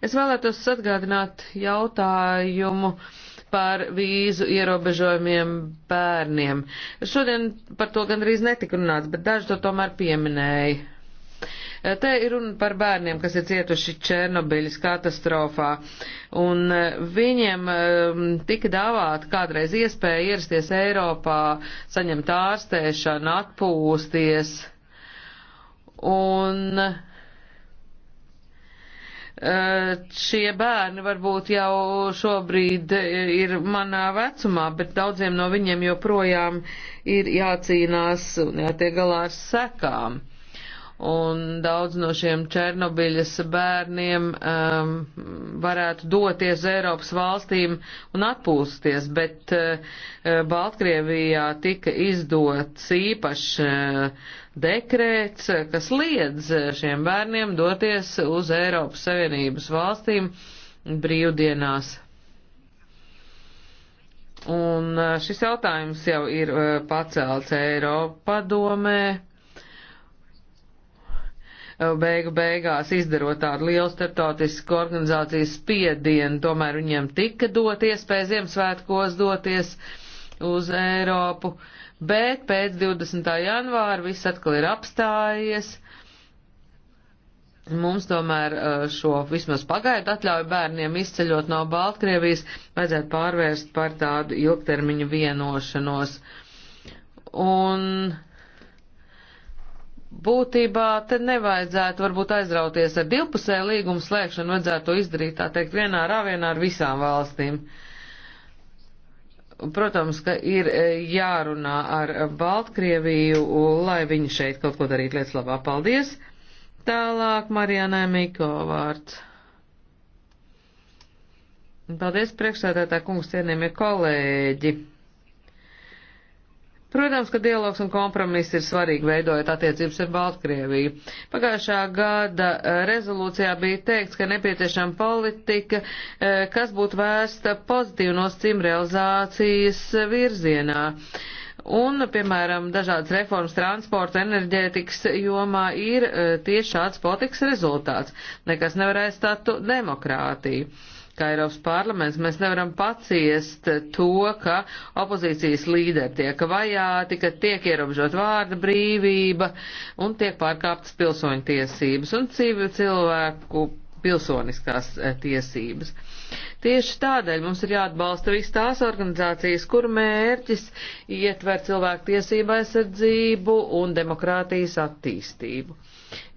Es vēlētos atgādināt jautājumu. Uh, par vīzu ierobežojumiem bērniem. Šodien par to gandrīz netika runāts, bet daži to tomēr pieminēja. E, te ir runa par bērniem, kas ir cietuši Černobiļas katastrofā, un e, viņiem e, tika dāvāta kādreiz iespēja ierasties Eiropā, saņemt ārstēšanu, atpūsties. Un uh, Eh, šie bērni varbūt jau šobrīd eh, ir manā vecumā, bet daudziem no viņiem joprojām ir jācīnās un jātiek galā ar sekām. Un daudz no šiem Černobiļas bērniem um, varētu doties Eiropas valstīm un atpūsties, bet uh, Baltkrievijā tika izdots īpašs uh, dekrēts, kas liedz šiem bērniem doties uz Eiropas Savienības valstīm brīvdienās. Un eh, šis jautājums jau ir eh, pacelts Eiropa domē. Eh, beigu beigās izdarot tādu lielu starptautisku organizāciju spiedienu, tomēr viņiem tika dot iespēja Ziemassvētkos doties uz Eiropu. Uh, bet pēc 20. janvāra viss atkal ir apstājies. Mums tomēr uh, šo vismaz pagaidu atļauju bērniem izceļot no Baltkrievijas vajadzētu pārvērst par tādu ilgtermiņu vienošanos. Un būtībā te nevajadzētu varbūt aizrauties ar divpusēju līgumu slēgšanu, vajadzētu to izdarīt, tā teikt, vienā rāvienā ar visām valstīm. Uh, Protams, ka ir e, jārunā ar Baltkrieviju, lai viņi šeit kaut ko darītu lietas labā. Paldies! Tālāk Marijanai Miko vārds. Paldies, priekšsēdētā kungs, cienījamie kolēģi! Protams, ka dialogs un kompromiss ir svarīgi veidojot attiecības ar Baltkrieviju. Pagājušā gada e, rezolūcijā bija teikts, ka nepieciešama politika, e, kas būtu vērsta pozitīvu nosacījumu realizācijas virzienā un, piemēram, dažādas reformas transporta, enerģētikas jomā ir e, tieši šāds politikas rezultāts. Nekas nevar aizstāt demokrātiju kā Eiropas parlaments, mēs nevaram paciest to, ka opozīcijas līderi tiek vajāti, ka tiek ierobežot vārda brīvība un tiek pārkāptas pilsoņu tiesības un cilvēku pilsoniskās eh, tiesības. Tieši tādēļ mums ir jāatbalsta visas tās organizācijas, kur mērķis ietver cilvēku tiesību aizsardzību un demokrātijas attīstību.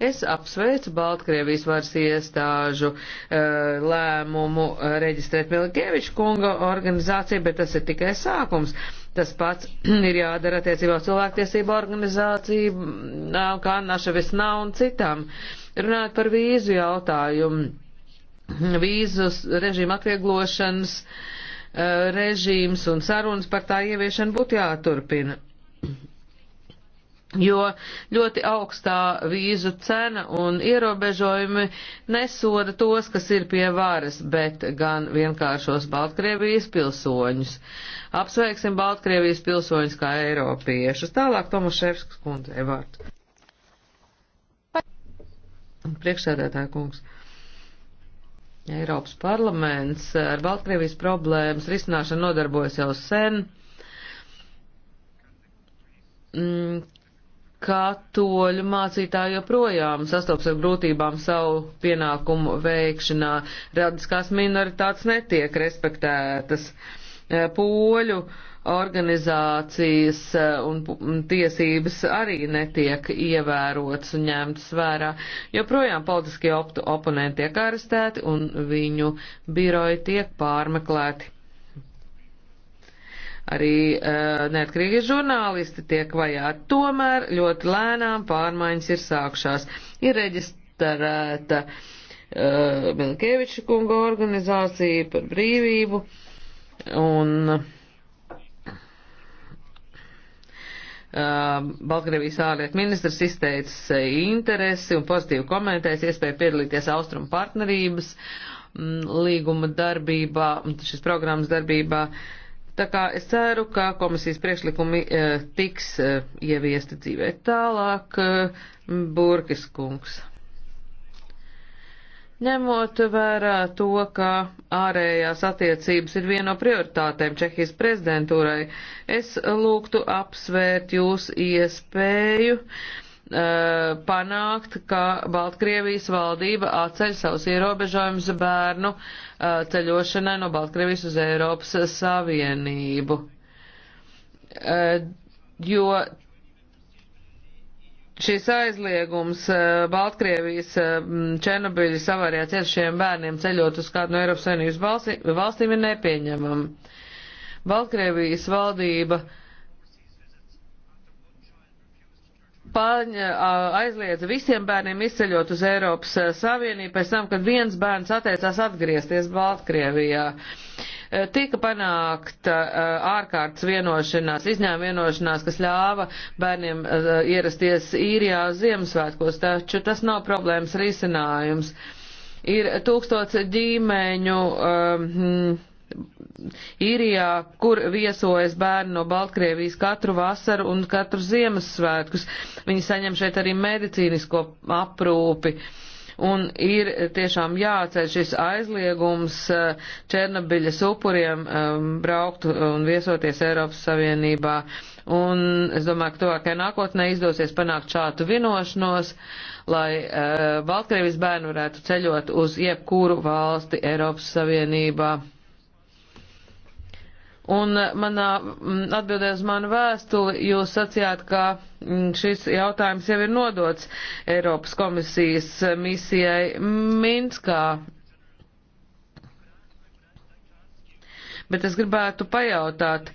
Es apsveicu Baltkrievijas varas iestāžu eh, lēmumu eh, reģistrēt Milkeviču kunga organizāciju, bet tas ir tikai sākums. Tas pats ir jādara attiecībā uz cilvēktiesību organizāciju, mm, kā Naša Vesnā un citām. Runājot par vīzu jautājumu, vīzu režīmu atvieglošanas eh, režīms un sarunas par tā ieviešanu būtu jāturpina. jo ļoti augstā vīzu cena un ierobežojumi nesoda tos, kas ir pie varas, bet gan vienkāršos Baltkrievijas pilsoņus. Apsveiksim Baltkrievijas pilsoņus kā eiropiešus. Tālāk Tomaševskas kundze vārdu. Priekšsēdētāja kungs. Eiropas parlaments ar Baltkrievijas problēmas risināšanu nodarbojas jau sen mm, katoļu mācītāji joprojām sastopas ar grūtībām savu pienākumu veikšanā. Radiskās minoritātes netiek respektētas. E, poļu organizācijas e, un tiesības arī netiek ievērotas un ņemtas vērā, jo projām politiskie op oponenti tiek arestēti un viņu biroji tiek pārmeklēti arī uh, eh, neatkarīgi žurnālisti tiek vajāti. Tomēr ļoti lēnām pārmaiņas ir sākšās. Ir reģistrēta uh, eh, Milkeviča kunga organizācija par brīvību un uh, Baltkrievijas ārlietu ministrs izteicis interesi un pozitīvi komentēs iespēju piedalīties austrumu partnerības mm, līguma darbībā, šis programmas darbībā. Uh, Tā kā es ceru, ka komisijas priekšlikumi e, tiks e, ieviesti dzīvē tālāk, e, Burkis kungs. Ņemot vērā to, ka ārējās attiecības ir viena no prioritātēm Čehijas prezidentūrai, es lūgtu apsvērt jūs iespēju Eh, panākt, ka Baltkrievijas valdība atceļ savus ierobežojumus bērnu eh, ceļošanai no Baltkrievijas uz Eiropas Savienību. Eh, jo šis aizliegums Baltkrievijas Černobiļas avārijā cietušiem bērniem ceļot uz kādu no Eiropas Savienības valstīm ir nepieņemama. Baltkrievijas valdība uh, paņa, aizliedza visiem bērniem izceļot uz Eiropas Savienību pēc tam, kad viens bērns atteicās atgriezties Baltkrievijā. E, tika panākta ārkārtas vienošanās, izņēma vienošanās, kas ļāva bērniem ierasties īrijā Ziemassvētkos, taču tas nav problēmas risinājums. Ir tūkstots ģimeņu. Um, īrijā, kur viesojas bērni no Baltkrievijas katru vasaru un katru Ziemassvētkus. Viņi saņem šeit arī medicīnisko aprūpi. Un ir tiešām jāceļ šis aizliegums eh, Černobiļas upuriem ehm, braukt un viesoties Eiropas Savienībā. Un es domāju, ka tuvākajā nākotnē izdosies panākt šādu vienošanos, lai eh, Baltkrievis bērni varētu ceļot uz jebkuru valsti Eiropas Savienībā. Un eh, manā mm, atbildē uz manu vēstuli jūs sacījāt, ka mm, šis jautājums jau ir nodots Eiropas komisijas eh, misijai Minskā. Bet es gribētu pajautāt,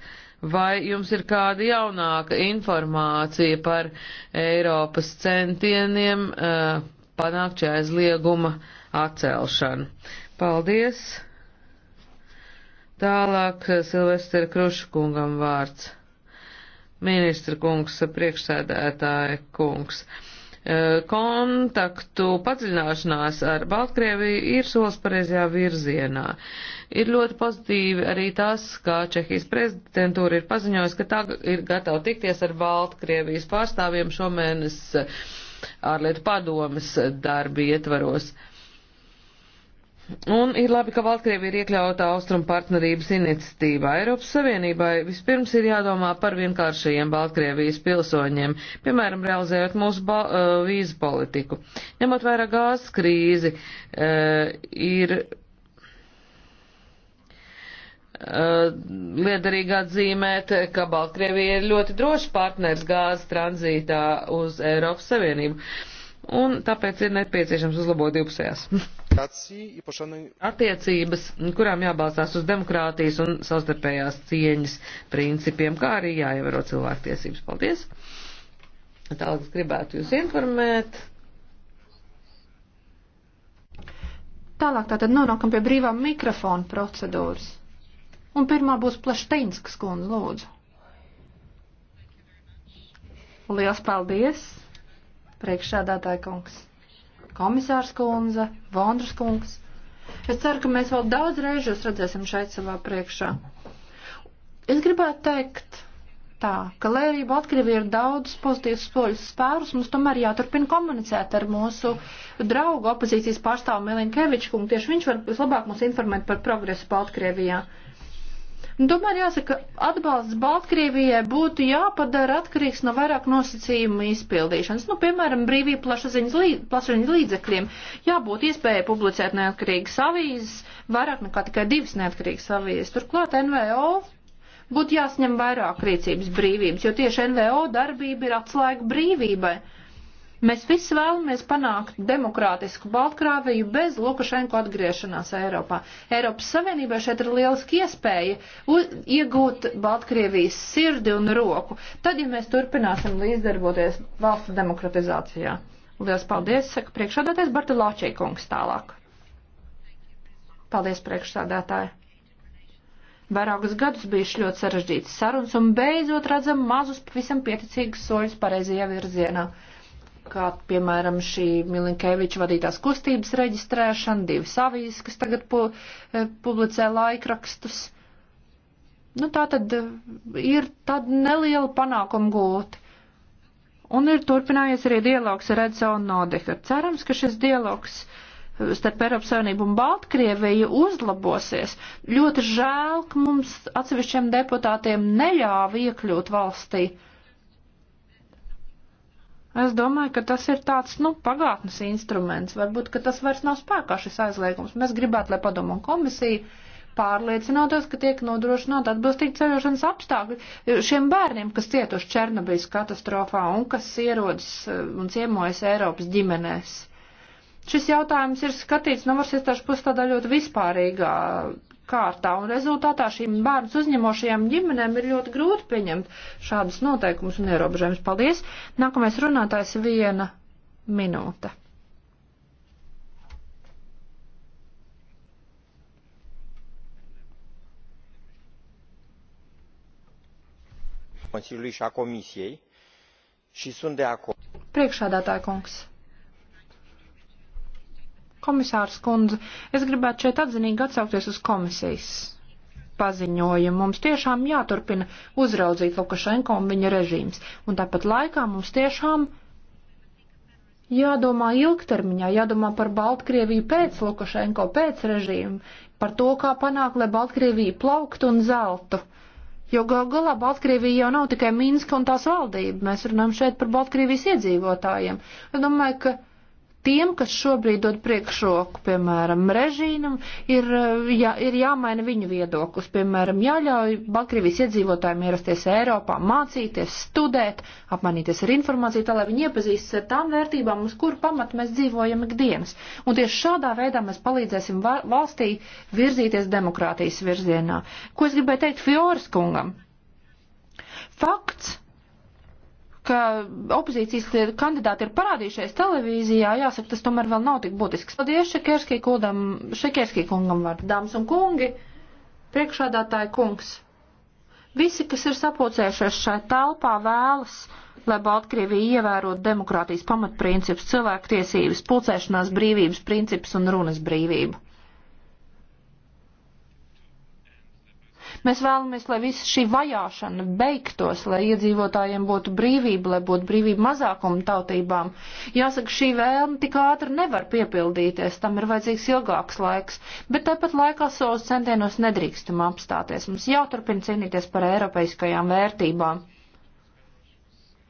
vai jums ir kāda jaunāka informācija par Eiropas centieniem uh, panākt šī aizlieguma atcelšanu? Paldies! Tālāk eh, Silvestra Kruškungam vārds. Ministra kungs, priekšsēdētāja kungs. Eh, kontaktu padziļināšanās ar Baltkrieviju ir solis pareizajā virzienā. Ir ļoti pozitīvi arī tas, ka Čehijas prezidentūra ir paziņojusi, ka tā ir gatava tikties ar Baltkrievijas pārstāvjiem šomēnes eh, ārlietu padomas darbi ietvaros. Uh, Un ir labi, ka Baltkrievija ir iekļauta Austrum partnerības iniciatīvā. Eiropas Savienībai vispirms ir jādomā par vienkāršajiem Baltkrievijas pilsoņiem, piemēram, realizējot mūsu uh, vīzu politiku. Ņemot vērā gāzes krīzi, uh, ir uh, liederīgi atzīmēt, ka Baltkrievija ir ļoti drošs partners gāzes tranzītā uz Eiropas Savienību. Un tāpēc ir nepieciešams uzlabot divpusējās attiecības, kurām jābalstās uz demokrātijas un savstarpējās cieņas principiem, kā arī jāievēro cilvēktiesības. Paldies! Tālāk es gribētu jūs informēt. Tālāk tātad nonākam pie brīvā mikrofona procedūras. Un pirmā būs Plašteinskas kundze, lūdzu. Liels paldies, priekšsādātāja kungs komisārs kundze, Vondras kungs. Es ceru, ka mēs vēl daudz reižu jūs redzēsim šeit savā priekšā. Es gribētu teikt tā, ka, lai arī Baltkrievija ir daudz pozitīvas soļus spērus, mums tomēr jāturpina komunicēt ar mūsu draugu opozīcijas pārstāvu Melinkeviču, un tieši viņš var vislabāk mums informēt par progresu Baltkrievijā. Uh, Nu, tomēr jāsaka, atbalsts Baltkrievijai būtu jāpadara atkarīgs no vairāk nosacījumu izpildīšanas. Nu, piemēram, brīvība plašsaziņas līdz, līdzekļiem jābūt iespējai publicēt neatkarīgas avīzes, vairāk nekā tikai divas neatkarīgas avīzes. Turklāt NVO būtu jāsņem vairāk rīcības brīvības, jo tieši NVO darbība ir atslēga brīvībai. Mēs visi vēlamies panākt demokrātisku Baltkrāviju bez Lukašenko atgriešanās Eiropā. Eiropas Savienībai šeit ir lieliski iespēja uz, iegūt Baltkrievijas sirdi un roku, tad, ja mēs turpināsim līdzdarboties valstu demokratizācijā. Lielas paldies, saka priekšādātais Bartilāčī kungs tālāk. Paldies, priekšsādātāji. Vairākus gadus bijuši ļoti sarežģītas sarunas un beidzot redzam mazus, pavisam pieticīgus soļus pareizajā virzienā kā piemēram šī Milinkēviča vadītās kustības reģistrēšana, divas avīzes, kas tagad pu, eh, publicē laikrakstus. Nu, tā tad eh, ir tāda neliela panākuma gūta. Un ir turpinājies arī dialogs ar Edzonu Nodeku. Cerams, ka šis dialogs eh, starp Eiropas Savienību un Baltkrieviju uzlabosies. Ļoti žēl, ka mums atsevišķiem deputātiem neļāva iekļūt valstī. Uh, Es domāju, ka tas ir tāds, nu, pagātnes instruments. Varbūt, ka tas vairs nav spēkā šis aizliegums. Mēs gribētu, lai padomu un komisija pārliecinātos, ka tiek nodrošināta atbilstīgi ceļošanas apstākļi šiem bērniem, kas cietuši Černobijas katastrofā un kas ierodas eh, un ciemojas Eiropas ģimenēs. Šis jautājums ir skatīts no varas iestāžu puses tādā ļoti vispārīgā kārtā, un rezultātā šīm bērnus uzņemošajām ģimenēm ir ļoti grūti pieņemt šādus noteikumus un ierobežojumus. Paldies! Nākamais runātājs viena minūte. Consiliului și a Comisiei și sunt de acord. Priekšādātāja kungs. Komisārs kundze, es gribētu šeit atzinīgi atsaukties uz komisijas paziņojumu. Mums tiešām jāturpina uzraudzīt Lukašenko un viņa režīms. Un tāpat laikā mums tiešām jādomā ilgtermiņā, jādomā par Baltkrieviju pēc Lukašenko, pēc režīmu, par to, kā panākt, lai Baltkrievija plauktu un zeltu. Jo gal galā Baltkrievija jau nav tikai Minska un tās valdība, mēs runājam šeit par Baltkrievijas iedzīvotājiem. Es domāju, ka tiem, kas šobrīd dod priekšroku, piemēram, režīmam, ir, eh, jā, ir jāmaina viņu viedoklis, piemēram, jāļauj Baltkrievijas iedzīvotājiem ierasties Eiropā, mācīties, studēt, apmainīties ar informāciju, tā lai viņi iepazīstas ar tām vērtībām, uz kuru pamatu mēs dzīvojam ikdienas. Un tieši šādā veidā mēs palīdzēsim valstī virzīties demokrātijas virzienā. Ko es gribēju teikt Fioras kungam? Fakts ka opozīcijas kandidāti ir parādījušies televīzijā, jāsaka, tas tomēr vēl nav tik būtisks. Paldies Šekerskī kundam, Šekerskī kungam vārdu. Dāmas un kungi, priekšādātāji kungs. Visi, kas ir sapulcējušies šai telpā, vēlas, lai Baltkrievija ievērotu demokrātijas pamatprincipus, cilvēktiesības, pulcēšanās brīvības principus un runas brīvību. Mēs vēlamies, lai visa šī vajāšana beigtos, lai iedzīvotājiem būtu brīvība, lai būtu brīvība mazākuma tautībām. Jāsaka, šī vēlme tik ātri nevar piepildīties, tam ir vajadzīgs ilgāks laiks, bet tāpat laikā savos centienos nedrīkstam apstāties. Mums jāturpina cīnīties par eiropeiskajām vērtībām.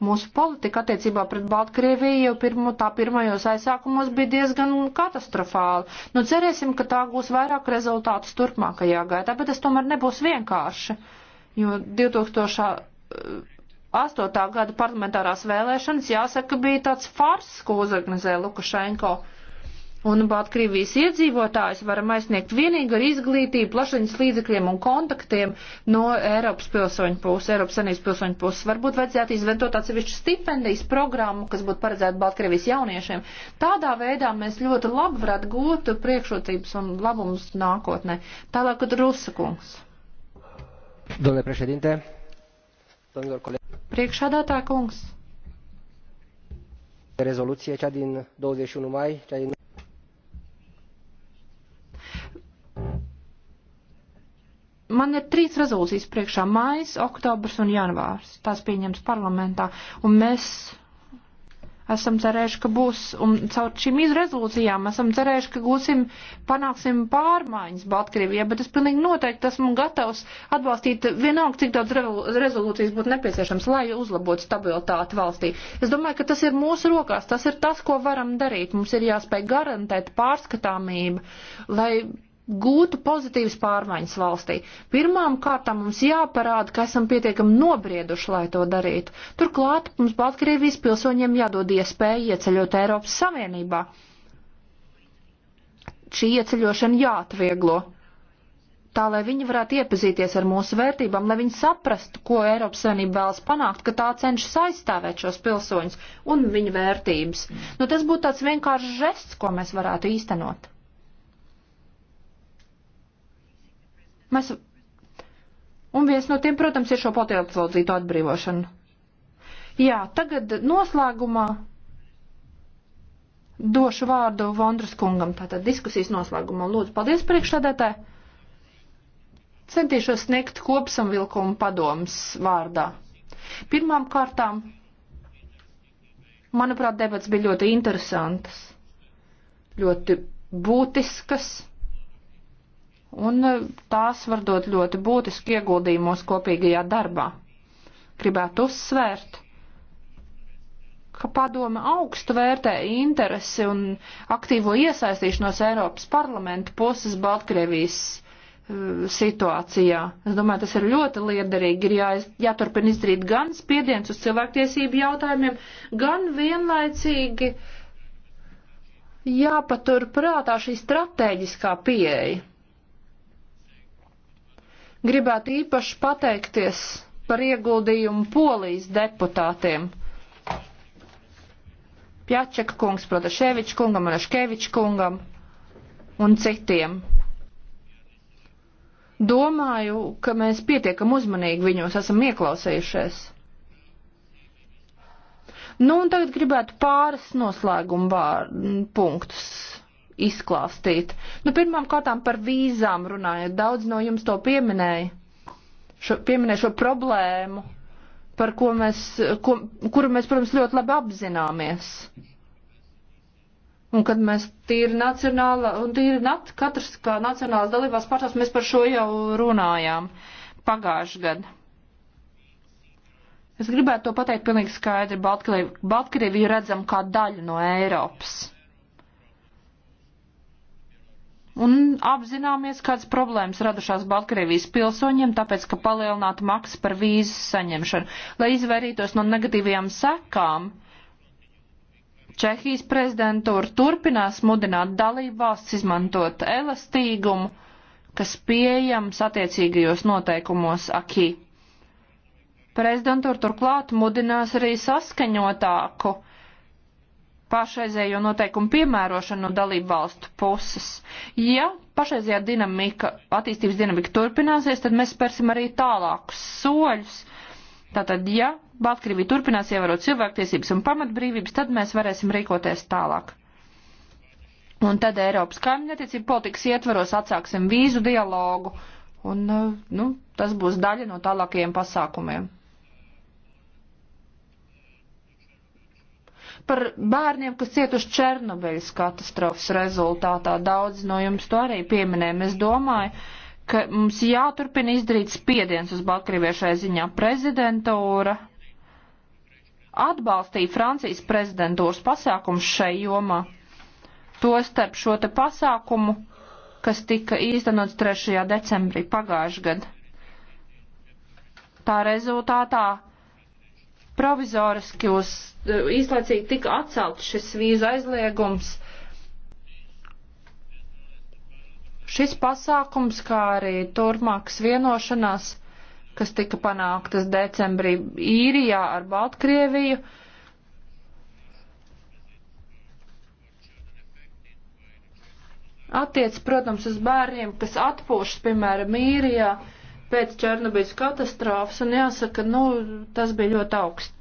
Mūsu politika attiecībā pret Baltkrieviju jau pirmo, tā pirmajos aizsākumos bija diezgan katastrofāla. Nu, cerēsim, ka tā gūs vairāk rezultātus turpmākajā gaitā, bet tas tomēr nebūs vienkārši, jo 2008. Eh, gada parlamentārās vēlēšanas, jāsaka, bija tāds fars, ko uzorganizēja Lukašenko. Un Baltkrievijas iedzīvotājus varam aizsniegt vienīgi ar izglītību, plašiņas līdzekļiem un kontaktiem no Eiropas pilsoņu puses, Eiropas Sanības pilsoņu puses. Varbūt vajadzētu izveidot atsevišķu stipendijas programmu, kas būtu paredzēta Baltkrievijas jauniešiem. Tādā veidā mēs ļoti labi varētu gūt priekšrocības un labumus nākotnē. Tālāk, kad Rusakungs. Domnule președinte, domnilor colegi. Priekšādātā kungs. Rezoluție, cea din 21 mai, cea din man ir trīs rezolūcijas priekšā - mājas, oktobrs un janvārs. Tās pieņems parlamentā. Un mēs esam cerējuši, ka būs, un caur šīm izrezolūcijām esam cerējuši, ka gūsim, panāksim pārmaiņas Baltkrievijā, bet es pilnīgi noteikti esmu gatavs atbalstīt vienalga, cik daudz rezolūcijas būtu nepieciešams, lai uzlabotu stabilitāti valstī. Es domāju, ka tas ir mūsu rokās, tas ir tas, ko varam darīt. Mums ir jāspēj garantēt pārskatāmību, lai gūtu pozitīvas pārmaiņas valstī. Pirmām kārtām mums jāparāda, ka esam pietiekami nobrieduši, lai to darītu. Turklāt mums Baltkrievijas pilsoņiem jādod iespēja ieceļot Eiropas Savienībā. Šī ieceļošana jāatvieglo tā, lai viņi varētu iepazīties ar mūsu vērtībām, lai viņi saprastu, ko Eiropas Savienība vēlas panākt, ka tā cenšas aizstāvēt šos pilsoņus un viņu vērtības. Nu, tas būtu tāds vienkāršs žests, ko mēs varētu īstenot. Mēs, un viens no tiem, protams, ir šo potenciālzītu atbrīvošanu. Jā, tagad noslēgumā došu vārdu Vondras kungam, tātad diskusijas noslēgumā. Lūdzu, paldies priekšstādētāji. Centīšos sniegt kopsamvilkumu padomus vārdā. Pirmām kārtām, manuprāt, debats bija ļoti interesantas, ļoti būtiskas un e, tās var dot ļoti būtisku ieguldījumu mūsu kopīgajā darbā. Gribētu uzsvērt, ka padome augstu vērtē interesi un aktīvo iesaistīšanos Eiropas parlamenta puses Baltkrievijas e, situācijā. Es domāju, tas ir ļoti liederīgi. Ir jā, jāturpina izdarīt gan spiediens uz cilvēktiesību jautājumiem, gan vienlaicīgi jāpatur prātā šī strateģiskā pieeja Gribētu īpaši pateikties par ieguldījumu polijas deputātiem. Pjačeka kungs, Protaševiča kungam, Araškeviča kungam un citiem. Domāju, ka mēs pietiekam uzmanīgi viņos esam ieklausījušies. Nu, un tagad gribētu pāris noslēguma punktus izklāstīt. Nu, pirmām kārtām par vīzām runājot, daudz no jums to pieminēja, šo, pieminēja šo problēmu, par ko mēs, ko, kuru mēs, protams, ļoti labi apzināmies. Un kad mēs tīri nacionāla, un tīri nat, katrs kā nacionāls dalībās pašās, mēs par šo jau runājām pagājuši gadu. Es gribētu to pateikt pilnīgi skaidri. Baltkrievi, Baltkrievi redzam kā daļu no Eiropas un apzināmies, kādas problēmas radušās Baltkrievijas pilsoņiem, tāpēc, ka palielināta maksa par vīzu saņemšanu, lai izvairītos no negatīvajām sekām. Čehijas prezidentūra turpinās mudināt dalību valsts izmantot elastīgumu, kas pieejams attiecīgajos noteikumos akī. Prezidentūra turklāt mudinās arī saskaņotāku pašreizējo noteikumu piemērošanu no dalību valstu puses. Ja pašreizējā dinamika, attīstības dinamika turpināsies, tad mēs spērsim arī tālākus soļus. Tātad, ja Baltkrievija turpinās ievērot cilvēktiesības un pamatbrīvības, tad mēs varēsim rīkoties tālāk. Un tad Eiropas kaimiņattiecību politikas ietvaros atsāksim vīzu dialogu, un nu, tas būs daļa no tālākajiem pasākumiem. par bērniem, kas cietuši Černobeļas katastrofas rezultātā. Daudz no jums to arī pieminēja. Es domāju, ka mums jāturpina izdarīt spiediens uz Baltkrieviešu ziņā prezidentūra atbalstīja Francijas prezidentūras pasākums šai jomā. Tostarp šo te pasākumu, kas tika īstenots 3. decembrī pagājušajā gadā. Tā rezultātā provizoriski uz eh, īslaicīgi tika atcelt šis vīza aizliegums. Šis pasākums, kā arī turpmākas vienošanās, kas tika panāktas decembrī īrijā ar Baltkrieviju, attiec, protams, uz bērniem, kas atpūšas, piemēram, īrijā. Ja pēc Černobiļas katastrofas, un jāsaka, nu, tas bija ļoti augst,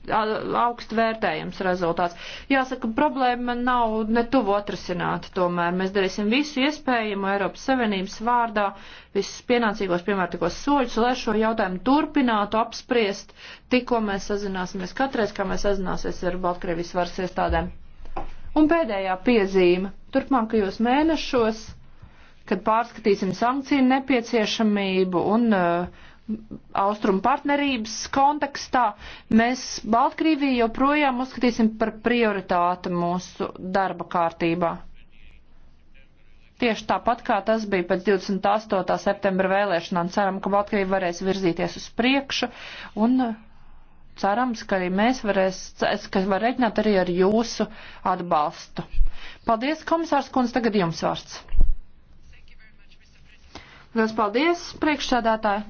augst vērtējums rezultāts. Jāsaka, problēma nav ne tuvu atrasināta tomēr. Mēs darīsim visu iespējamo Eiropas Savienības vārdā, visus pienācīgos piemērtīgos soļus, lai šo jautājumu turpinātu apspriest, tikko mēs sazināsimies katreiz, kā mēs sazināsies ar Baltkrievis varas iestādēm. Un pēdējā piezīme. Turpmākajos mēnešos kad pārskatīsim sankciju nepieciešamību un uh, austrumu partnerības kontekstā, mēs Baltkrieviju joprojām uzskatīsim par prioritāti mūsu darba kārtībā. Tieši tāpat kā tas bija pēc 28. septembra vēlēšanām, ceram, ka Baltkrievi varēs virzīties uz priekšu un uh, cerams, ka arī mēs varēs, ka var reiķināt arī ar jūsu atbalstu. Paldies, komisārs Kunz, tagad jums vārds. Liels paldies, priekšsādātāji!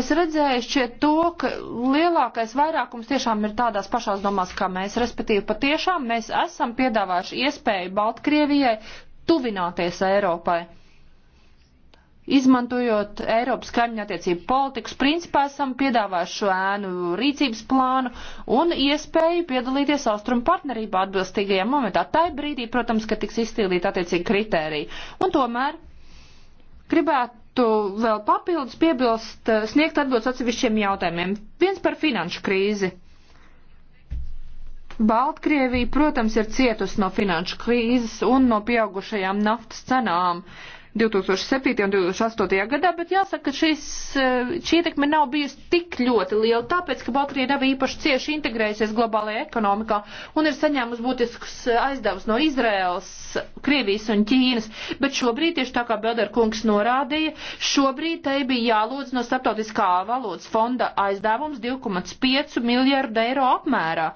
Es redzēju šķiet to, ka lielākais vairākums tiešām ir tādās pašās domās kā mēs, respektīvi patiešām mēs esam piedāvājuši iespēju Baltkrievijai tuvināties Eiropai izmantojot Eiropas kaimiņu attiecību politikas, principā esam piedāvājuši šo ēnu rīcības plānu un iespēju piedalīties austrumu partnerībā atbilstīgajā momentā. Tā ir brīdī, protams, ka tiks izstīlīt attiecīgi kritēriji. Un tomēr gribētu vēl papildus piebilst, eh, sniegt atbildes atsevišķiem jautājumiem. Viens par finanšu krīzi. Baltkrievija, protams, ir cietusi no finanšu krīzes un no pieaugušajām naftas cenām. Uh, 2007. un 2008. gadā, bet jāsaka, ka šis, eh, šī ietekme nav bijusi tik ļoti liela, tāpēc, ka Baltkrievija nav īpaši cieši integrējusies globālajā ekonomikā un ir saņēmusi būtisks eh, aizdevums no Izraels, Krievijas un Ķīnas. Bet šobrīd, tieši tā kā Belder kungs norādīja, šobrīd tai bija jālūdz no starptautiskā valodas fonda aizdevums 2,5 miljardu eiro apmērā.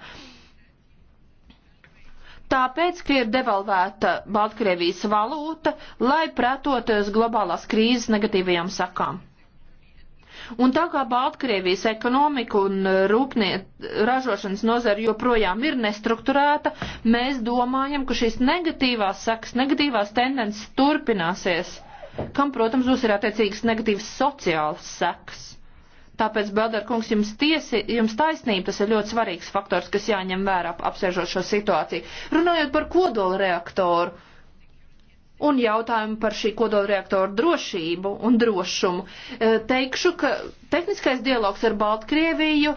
Tāpēc, ka ir devalvēta Baltkrievijas valūta, lai pretoties globālās krīzes negatīvajām sakām. Un tā kā Baltkrievijas ekonomika un rūpniet ražošanas nozara joprojām ir nestruktūrēta, mēs domājam, ka šīs negatīvās sakas, negatīvās tendences turpināsies, kam, protams, būs ir attiecīgas negatīvas sociālas sekas. Tāpēc, Belder kungs, jums, tiesi, jums taisnība, tas ir ļoti svarīgs faktors, kas jāņem vērā apsēžot šo situāciju. Runājot par kodola reaktoru un jautājumu par šī kodola reaktoru drošību un drošumu, e, teikšu, ka tehniskais dialogs ar Baltkrieviju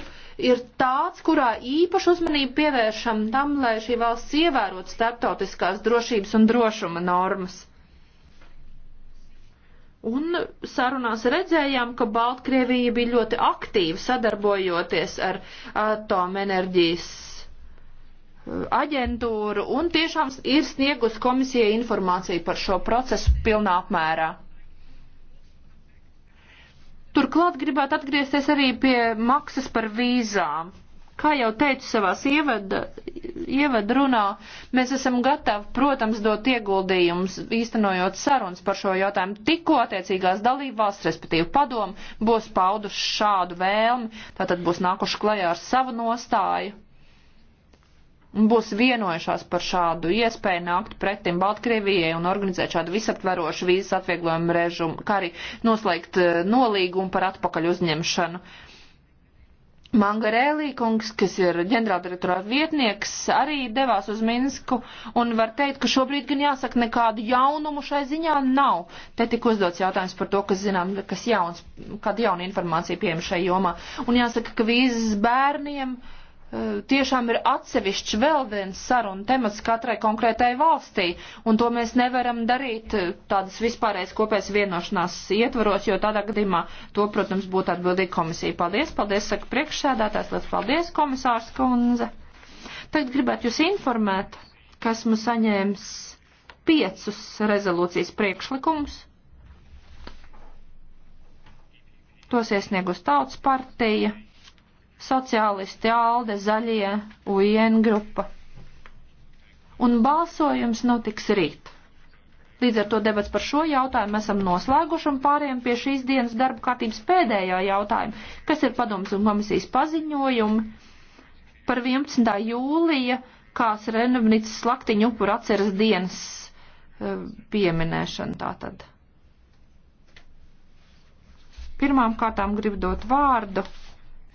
ir tāds, kurā īpašu uzmanību pievēršam tam, lai šī valsts ievērot starptautiskās drošības un drošuma normas. Un sarunās redzējām, ka Baltkrievija bija ļoti aktīva sadarbojoties ar atomenerģijas uh, aģentūru un tiešām ir sniegus komisijai informāciju par šo procesu pilnā apmērā. Turklāt gribētu atgriezties arī pie maksas par vīzām. Kā jau teicu savās ievada, ievada runā, mēs esam gatavi, protams, dot ieguldījumus, īstenojot sarunas par šo jautājumu. Tikko attiecīgās dalībvalsts, respektīvi padomu, būs pauduši šādu vēlmi, tātad būs nākuši klajā ar savu nostāju un būs vienojušās par šādu iespēju nākt pretim Baltkrievijai un organizēt šādu visaptverošu vīzas atvieglojumu režumu, kā arī noslēgt eh, nolīgumu par atpakaļ uzņemšanu. Uh, Mangarēlī kungs, kas ir ģenerāldirektorā vietnieks, arī devās uz Minsku un var teikt, ka šobrīd gan jāsaka nekādu jaunumu šai ziņā nav. Te tik uzdots jautājums par to, kas zinām, kas jauns, kāda jauna informācija pieejama šai jomā. Un jāsaka, ka vīzes bērniem uh, Eh, tiešām ir atsevišķs vēl viens saruna temats katrai konkrētai valstī, un to mēs nevaram darīt eh, tādas vispārējas kopējas vienošanās ietvaros, jo tādā gadījumā to, protams, būtu atbildīga komisija. Paldies, paldies, saka priekšsēdētājs, liels paldies, komisārs Kunze. Tagad gribētu jūs informēt, kas mums saņēmis piecus rezolūcijas priekšlikumus. Tos iesniegus tautas partija sociālisti Alde, Zaļie, UN grupa. Un balsojums notiks rīt. Līdz ar to debats par šo jautājumu esam noslēguši un pāriem pie šīs dienas darba kārtības pēdējā jautājuma, kas ir padoms un komisijas paziņojumi par 11. jūlija, kā Srenovnicas slaktiņu upur atceras dienas e, pieminēšanu tātad. Pirmām kārtām gribu dot vārdu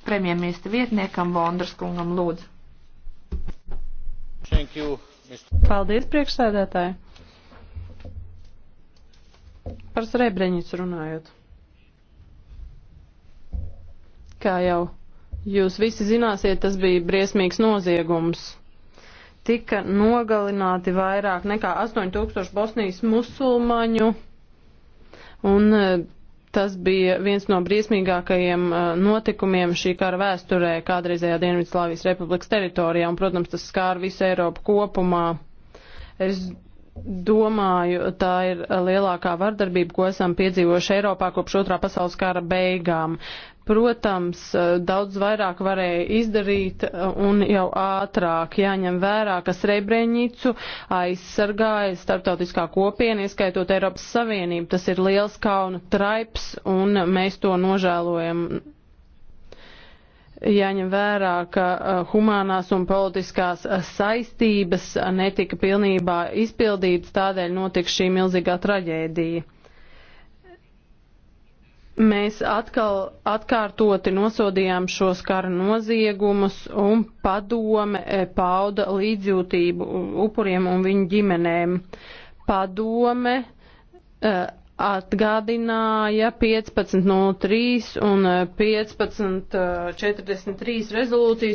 premjerministra vietniekam Vondras kungam lūdzu. You, Paldies, priekšsēdētāji. Par Srebrenicu runājot. Kā jau jūs visi zināsiet, tas bija briesmīgs noziegums tika nogalināti vairāk nekā 8000 bosnijas musulmaņu. Un eh, Tas bija viens no briesmīgākajiem uh, notikumiem šī kara vēsturē kādreizējā Dienvidslāvijas republikas teritorijā, un, protams, tas skāra visu Eiropu kopumā. Es domāju, tā ir uh, lielākā vardarbība, ko esam piedzīvojuši Eiropā kopš otrā pasaules kara beigām. Protams, eh, daudz vairāk varēja izdarīt eh, un jau ātrāk jāņem vērā, ka Srebrenicu aizsargāja starptautiskā kopiena, ieskaitot Eiropas Savienību. Tas ir liels kauna traips un mēs to nožēlojam jāņem vērā, ka eh, humānās un politiskās saistības netika pilnībā izpildītas, tādēļ notika šī milzīgā traģēdija. Mēs atkal atkārtoti nosodījām šos kara noziegumus un padome e, pauda līdzjūtību upuriem un viņu ģimenēm. Padome e, atgādināja 15.03 un 15.43 e, rezolūcijas,